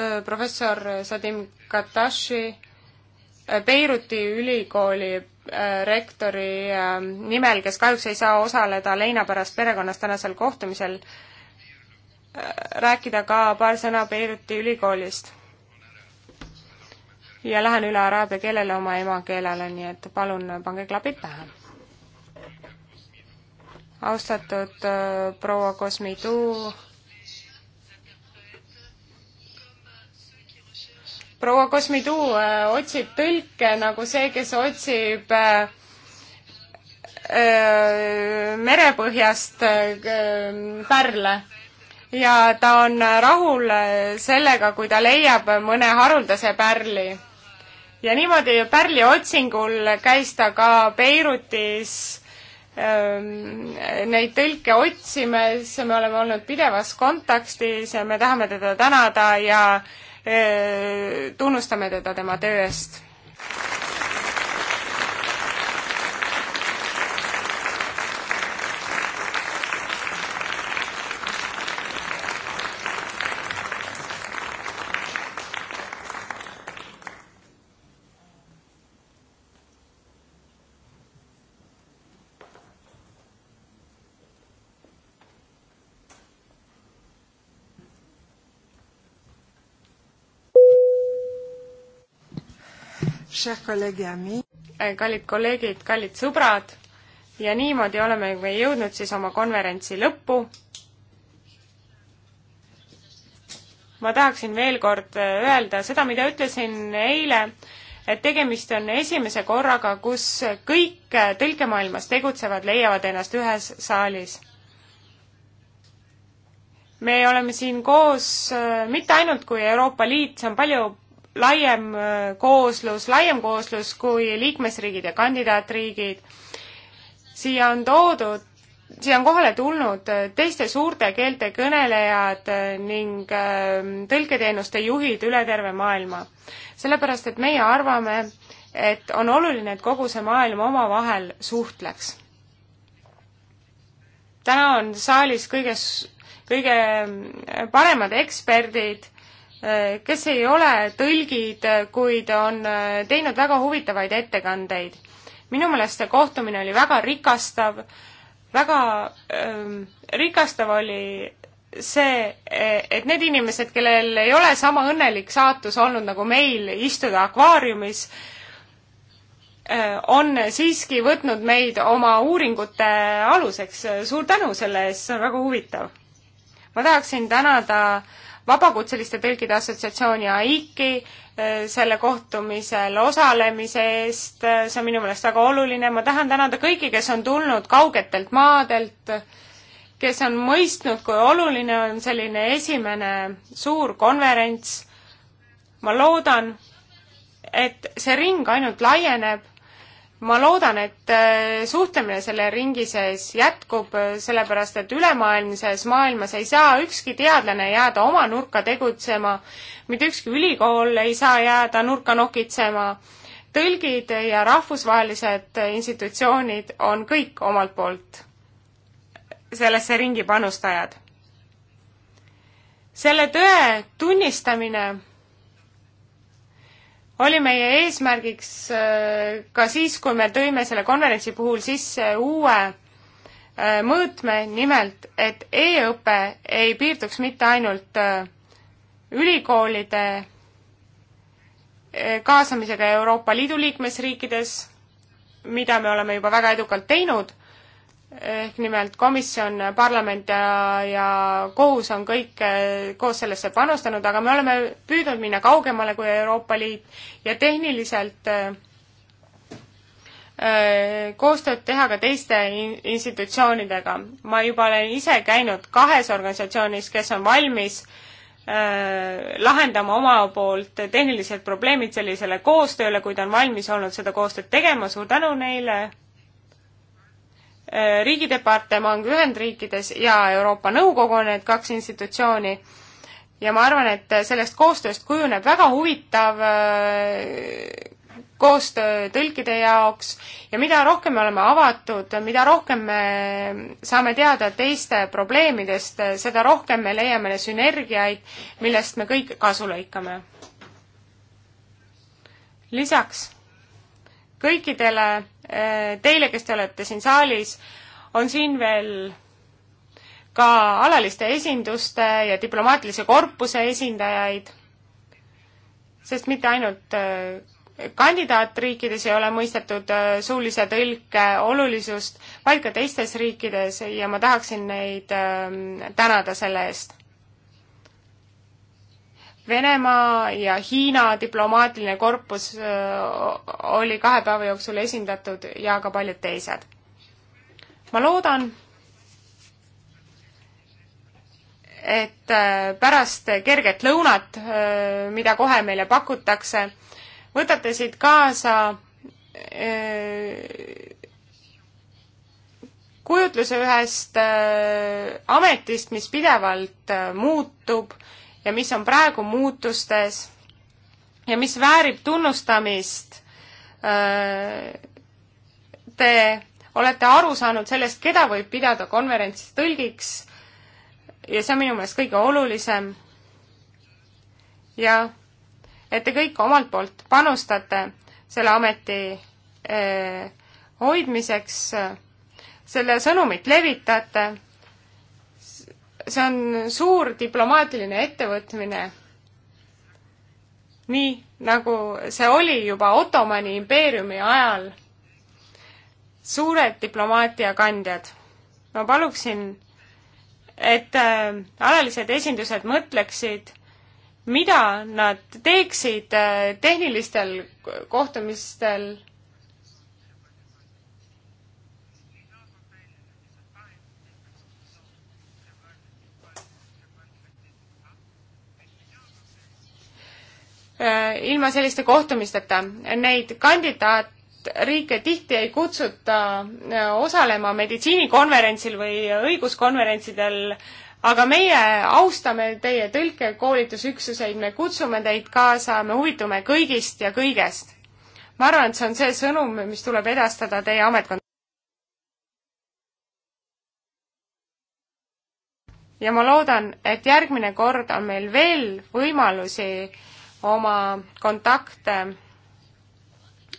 Äh, professor Sadim Katashi äh, Beiruti ülikooli äh, rektori nimel, kes kahjuks ei saa osaleda leina pärast perekonnas tänasel kohtumisel, rääkida ka paar sõna Beiruti ülikoolist. ja lähen üle araabia keelele oma emakeelele, nii et palun pange klapid pähe austatud proua Kosmitu, proua Kosmituu äh, otsib tõlke nagu see, kes otsib äh, äh, merepõhjast pärle ja ta on rahul sellega, kui ta leiab mõne haruldase pärli. ja niimoodi pärli otsingul käis ta ka Beirutis ähm, neid tõlke otsimas, me oleme olnud pidevas kontaktis ja me tahame teda tänada ja äh, Äh, tunnustame teda tema töö eest Äh, kallid kolleegid, kallid sõbrad ja niimoodi oleme me jõudnud siis oma konverentsi lõppu. ma tahaksin veel kord äh, öelda seda, mida ütlesin eile, et tegemist on esimese korraga, kus kõik äh, tõlkemaailmas tegutsevad leiavad ennast ühes saalis me oleme siin koos mitte ainult kui Euroopa Liit, see on palju laiem äh, kooslus, laiem kooslus kui liikmesriigid ja kandidaatriigid. siia on toodud, siia on kohale tulnud äh, teiste suurte keelte kõnelejad äh, ning ähm, tõlketeenuste juhid üle terve maailma. sellepärast, et meie arvame, et on oluline, et kogu see maailm omavahel suhtleks. täna on saalis kõige, kõige paremad eksperdid kes ei ole tõlgid, kuid on äh, teinud väga huvitavaid ettekandeid. minu meelest see kohtumine oli väga rikastav, väga ähm, rikastav oli see, e, et need inimesed, kellel ei ole sama õnnelik saatus olnud nagu meil istuda akvaariumis, äh, on siiski võtnud meid oma uuringute aluseks. suur tänu selle eest, see on väga huvitav. ma tahaksin tänada äh, Vabakutseliste Tõlgide Assotsiatsiooni AIK-i eh, selle kohtumisel osalemise eest, eh, see on minu meelest väga oluline, ma tahan tänada kõiki, kes on tulnud kaugetelt maadelt, kes on mõistnud, kui oluline on selline esimene suur konverents. ma loodan, et see ring ainult laieneb ma loodan, et äh, suhtlemine selle ringi sees jätkub, äh, sellepärast et ülemaailmses maailmas ei saa ükski teadlane jääda oma nurka tegutsema, mitte ükski ülikool ei saa jääda nurka nokitsema, tõlgid ja rahvusvahelised institutsioonid on kõik omalt poolt sellesse ringi panustajad. selle tõe tunnistamine oli meie eesmärgiks äh, ka siis, kui me tõime selle konverentsi puhul sisse uue äh, mõõtme, nimelt et e-õpe ei piirduks mitte ainult äh, ülikoolide kaasamisega Euroopa Liidu liikmesriikides, mida me oleme juba väga edukalt teinud, ehk nimelt komisjon, parlament ja, ja kohus on kõik eh, koos sellesse panustanud, aga me oleme püüdnud minna kaugemale kui Euroopa Liit ja tehniliselt äh, koostööd teha ka teiste institutsioonidega. ma juba olen ise käinud kahes organisatsioonis, kes on valmis äh, lahendama oma poolt tehnilised probleemid sellisele koostööle, kui ta on valmis olnud seda koostööd tegema, suur tänu neile Eh, riigidepartement Ühendriikides ja Euroopa Nõukogu on need kaks institutsiooni ja ma arvan, et sellest koostööst kujuneb väga huvitav eh, koostöö tõlkide jaoks ja mida rohkem me oleme avatud, mida rohkem me saame teada teiste probleemidest, seda rohkem me leiame sünergiaid, millest me kõik kasu lõikame. lisaks kõikidele Teile, kes te olete siin saalis, on siin veel ka alaliste esinduste ja diplomaatilise korpuse esindajaid, sest mitte ainult äh, kandidaatriikides ei ole mõistetud äh, suulise tõlke olulisust, vaid ka teistes riikides ja ma tahaksin neid ähm, tänada selle eest. Venemaa ja Hiina diplomaatiline korpus oli kahe päeva jooksul esindatud ja ka paljud teised. ma loodan, et pärast kerget lõunat, mida kohe meile pakutakse, võtate siit kaasa kujutluse ühest ametist, mis pidevalt muutub ja mis on praegu muutustes ja mis väärib tunnustamist. Te olete aru saanud sellest, keda võib pidada konverentsis tõlgiks ja see on minu meelest kõige olulisem. ja et te kõik omalt poolt panustate selle ameti öö, hoidmiseks, selle sõnumit levitate see on suur diplomaatiline ettevõtmine, nii nagu see oli juba Ottomani impeeriumi ajal. suured diplomaatia kandjad. ma paluksin, et äh, alalised esindused mõtleksid, mida nad teeksid äh, tehnilistel kohtumistel Äh, ilma selliste kohtumisteta. Neid kandidaatriike tihti ei kutsuta äh, osalema meditsiinikonverentsil või õiguskonverentsidel, aga meie austame teie tõlkekoolitusüksuseid, me kutsume teid kaasa, me huvitume kõigist ja kõigest. ma arvan, et see on see sõnum, mis tuleb edastada teie ametkond-. ja ma loodan, et järgmine kord on meil veel võimalusi oma kontakte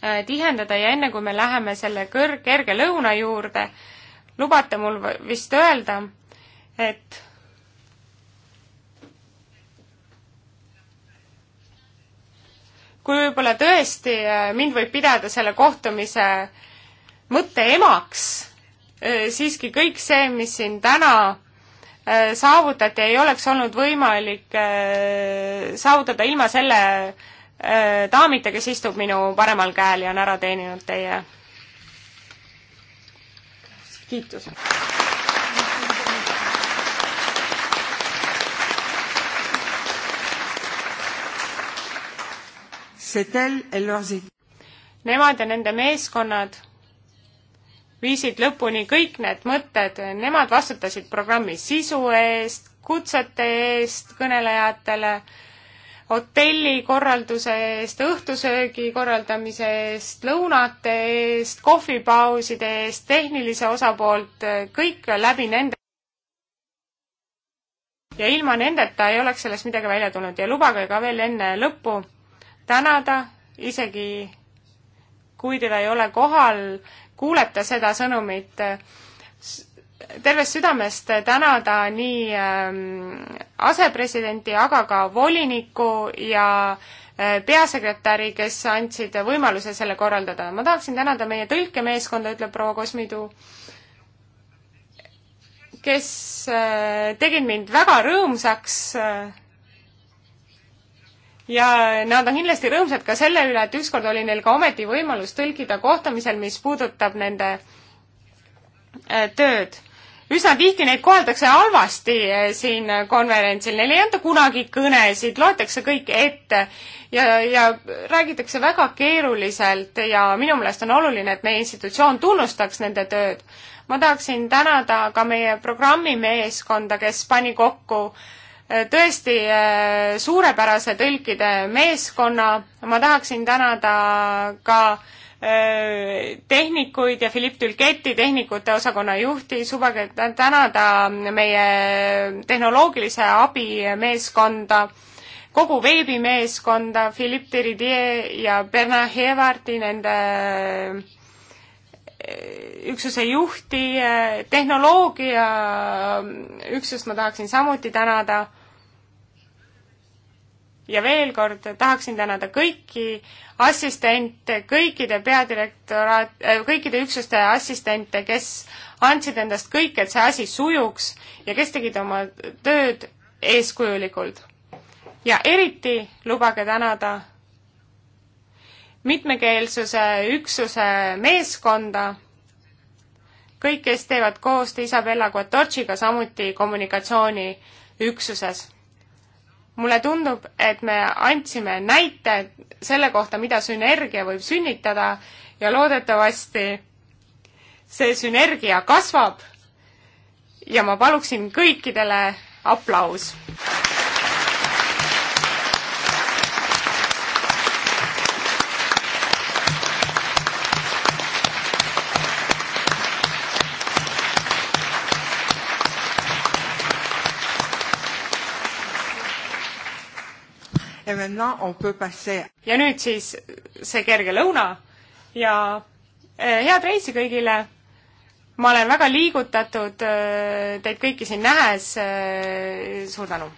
äh, tihendada ja enne, kui me läheme selle kõr-, kerge lõuna juurde, lubate mul vist öelda, et kui võib-olla tõesti äh, mind võib pidada selle kohtumise mõtte emaks, äh, siiski kõik see, mis siin täna Äh, saavutati, ei oleks olnud võimalik äh, saavutada ilma selle äh, daamita, kes istub minu paremal käel ja on ära teeninud teie kiituse. Nemad ja nende meeskonnad viisid lõpuni kõik need mõtted, nemad vastutasid programmi sisu eest, kutsete eest kõnelejatele, hotelli korralduse eest, õhtusöögi korraldamise eest, lõunate eest, kohvipauside eest, tehnilise osapoolt, kõik läbi nende. ja ilma nendeta ei oleks sellest midagi välja tulnud ja lubage ka veel enne lõppu tänada isegi kui teda ei ole kohal kuulete seda sõnumit, tervest südamest tänada nii ähm, asepresidenti, aga ka volinikku ja äh, peasekretäri, kes andsid võimaluse selle korraldada. ma tahaksin tänada meie tõlkemeeskonda, ütleb proua Kosmidu, kes äh, tegid mind väga rõõmsaks äh, ja nad on kindlasti rõõmsad ka selle üle, et ükskord oli neil ka ometi võimalus tõlkida kohtumisel, mis puudutab nende äh, tööd. üsna tihti neid koheldakse halvasti äh, siin konverentsil, neile ei anta kunagi kõnesid, loetakse kõik ette ja, ja räägitakse väga keeruliselt ja minu meelest on oluline, et meie institutsioon tunnustaks nende tööd. ma tahaksin tänada ka meie programmimeeskonda, kes pani kokku äh, tõesti äh, suurepärase tõlkide meeskonna, ma tahaksin tänada ka äh, tehnikuid ja Philipp Tülketi, tehnikute osakonna juhti, lubage tänada meie tehnoloogilise abi meeskonda, kogu veebimeeskonda, Philipp Teridier ja Bernard Hevarti, nende äh, üksuse juhti, tehnoloogia üksust ma tahaksin samuti tänada ja veel kord tahaksin tänada kõiki assistente, kõikide peadirektoraat, äh, kõikide üksuste assistente, kes andsid endast kõik, et see asi sujuks ja kes tegid oma tööd eeskujulikult. ja eriti lubage tänada mitmekeelsuse üksuse meeskonda, kõik, kes teevad koostöö Isabella Quattorciga samuti kommunikatsiooniüksuses mulle tundub, et me andsime näite selle kohta, mida sünergia võib sünnitada ja loodetavasti see sünergia kasvab ja ma paluksin kõikidele aplaus. ja nüüd siis see kerge lõuna ja eh, head reisi kõigile! ma olen väga liigutatud eh, teid kõiki siin nähes, eh, suur tänu!